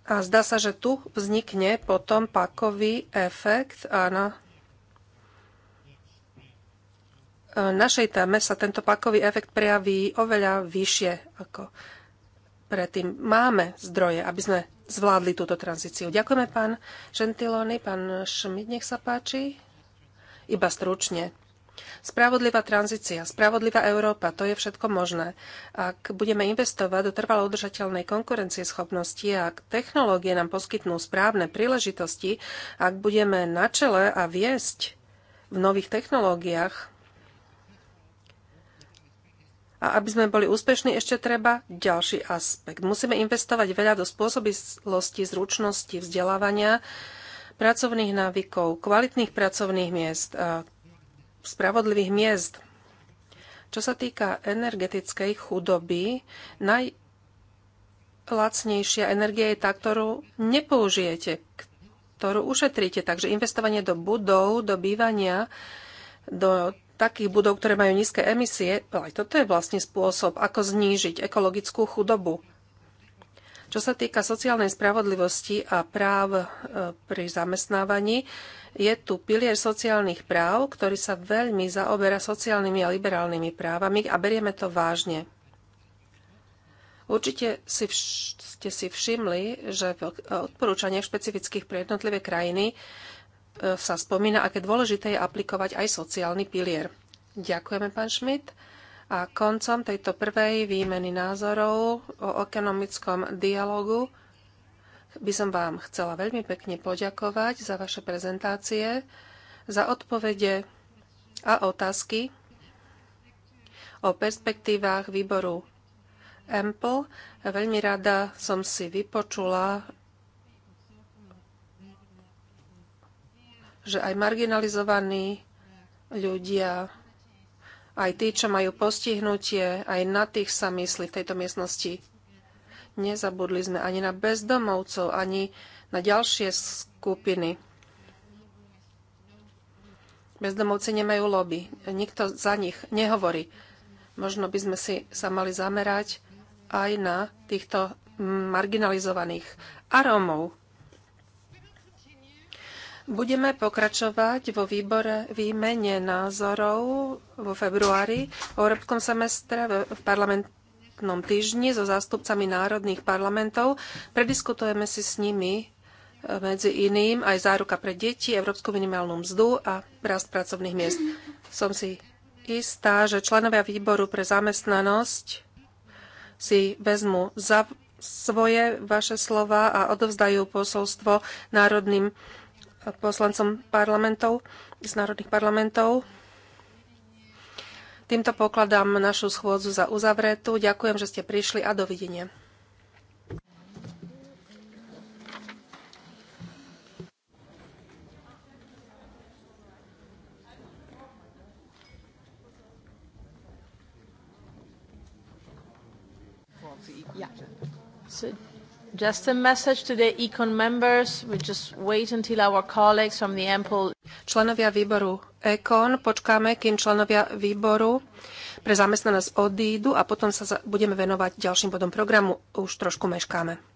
A zdá sa, že tu vznikne potom pakový efekt a na našej téme sa tento pakový efekt prejaví oveľa vyššie ako predtým. Máme zdroje, aby sme zvládli túto tranzíciu. Ďakujeme, pán Gentiloni, pán Šmit, nech sa páči. Iba stručne. Spravodlivá tranzícia, spravodlivá Európa, to je všetko možné. Ak budeme investovať do trvalo udržateľnej konkurencieschopnosti, ak technológie nám poskytnú správne príležitosti, ak budeme na čele a viesť v nových technológiách, a aby sme boli úspešní, ešte treba ďalší aspekt. Musíme investovať veľa do spôsobilosti, zručnosti, vzdelávania, pracovných návykov, kvalitných pracovných miest, spravodlivých miest. Čo sa týka energetickej chudoby, najlacnejšia energia je tá, ktorú nepoužijete, ktorú ušetríte. Takže investovanie do budov, do bývania, do takých budov, ktoré majú nízke emisie, aj toto je vlastne spôsob, ako znížiť ekologickú chudobu. Čo sa týka sociálnej spravodlivosti a práv e, pri zamestnávaní, je tu pilier sociálnych práv, ktorý sa veľmi zaoberá sociálnymi a liberálnymi právami a berieme to vážne. Určite si vš- ste si všimli, že v odporúčaniach špecifických pre jednotlivé krajiny e, sa spomína, aké dôležité je aplikovať aj sociálny pilier. Ďakujeme, pán Schmidt. A koncom tejto prvej výmeny názorov o ekonomickom dialogu by som vám chcela veľmi pekne poďakovať za vaše prezentácie, za odpovede a otázky o perspektívách výboru EMPL. Veľmi rada som si vypočula, že aj marginalizovaní ľudia aj tí, čo majú postihnutie, aj na tých sa myslí v tejto miestnosti. Nezabudli sme ani na bezdomovcov, ani na ďalšie skupiny. Bezdomovci nemajú lobby. Nikto za nich nehovorí. Možno by sme si sa mali zamerať aj na týchto marginalizovaných arómov. Budeme pokračovať vo výbore výmene názorov vo februári v Európskom semestre v parlamentu parlamentnom týždni so zástupcami národných parlamentov. Prediskutujeme si s nimi e, medzi iným aj záruka pre deti, európsku minimálnu mzdu a rast pracovných miest. Som si istá, že členovia výboru pre zamestnanosť si vezmu za svoje vaše slova a odovzdajú posolstvo národným poslancom parlamentov, z národných parlamentov Týmto pokladám našu schôdzu za uzavretú. Ďakujem, že ste prišli a dovidenia. Yeah. So Just a message to the Econ members. We just wait until our colleagues from the Ample. Členovia výboru Econ, počkáme, kým členovia výboru pre zamestnanosť odídu a potom sa budeme venovať ďalším bodom programu. Už trošku meškáme.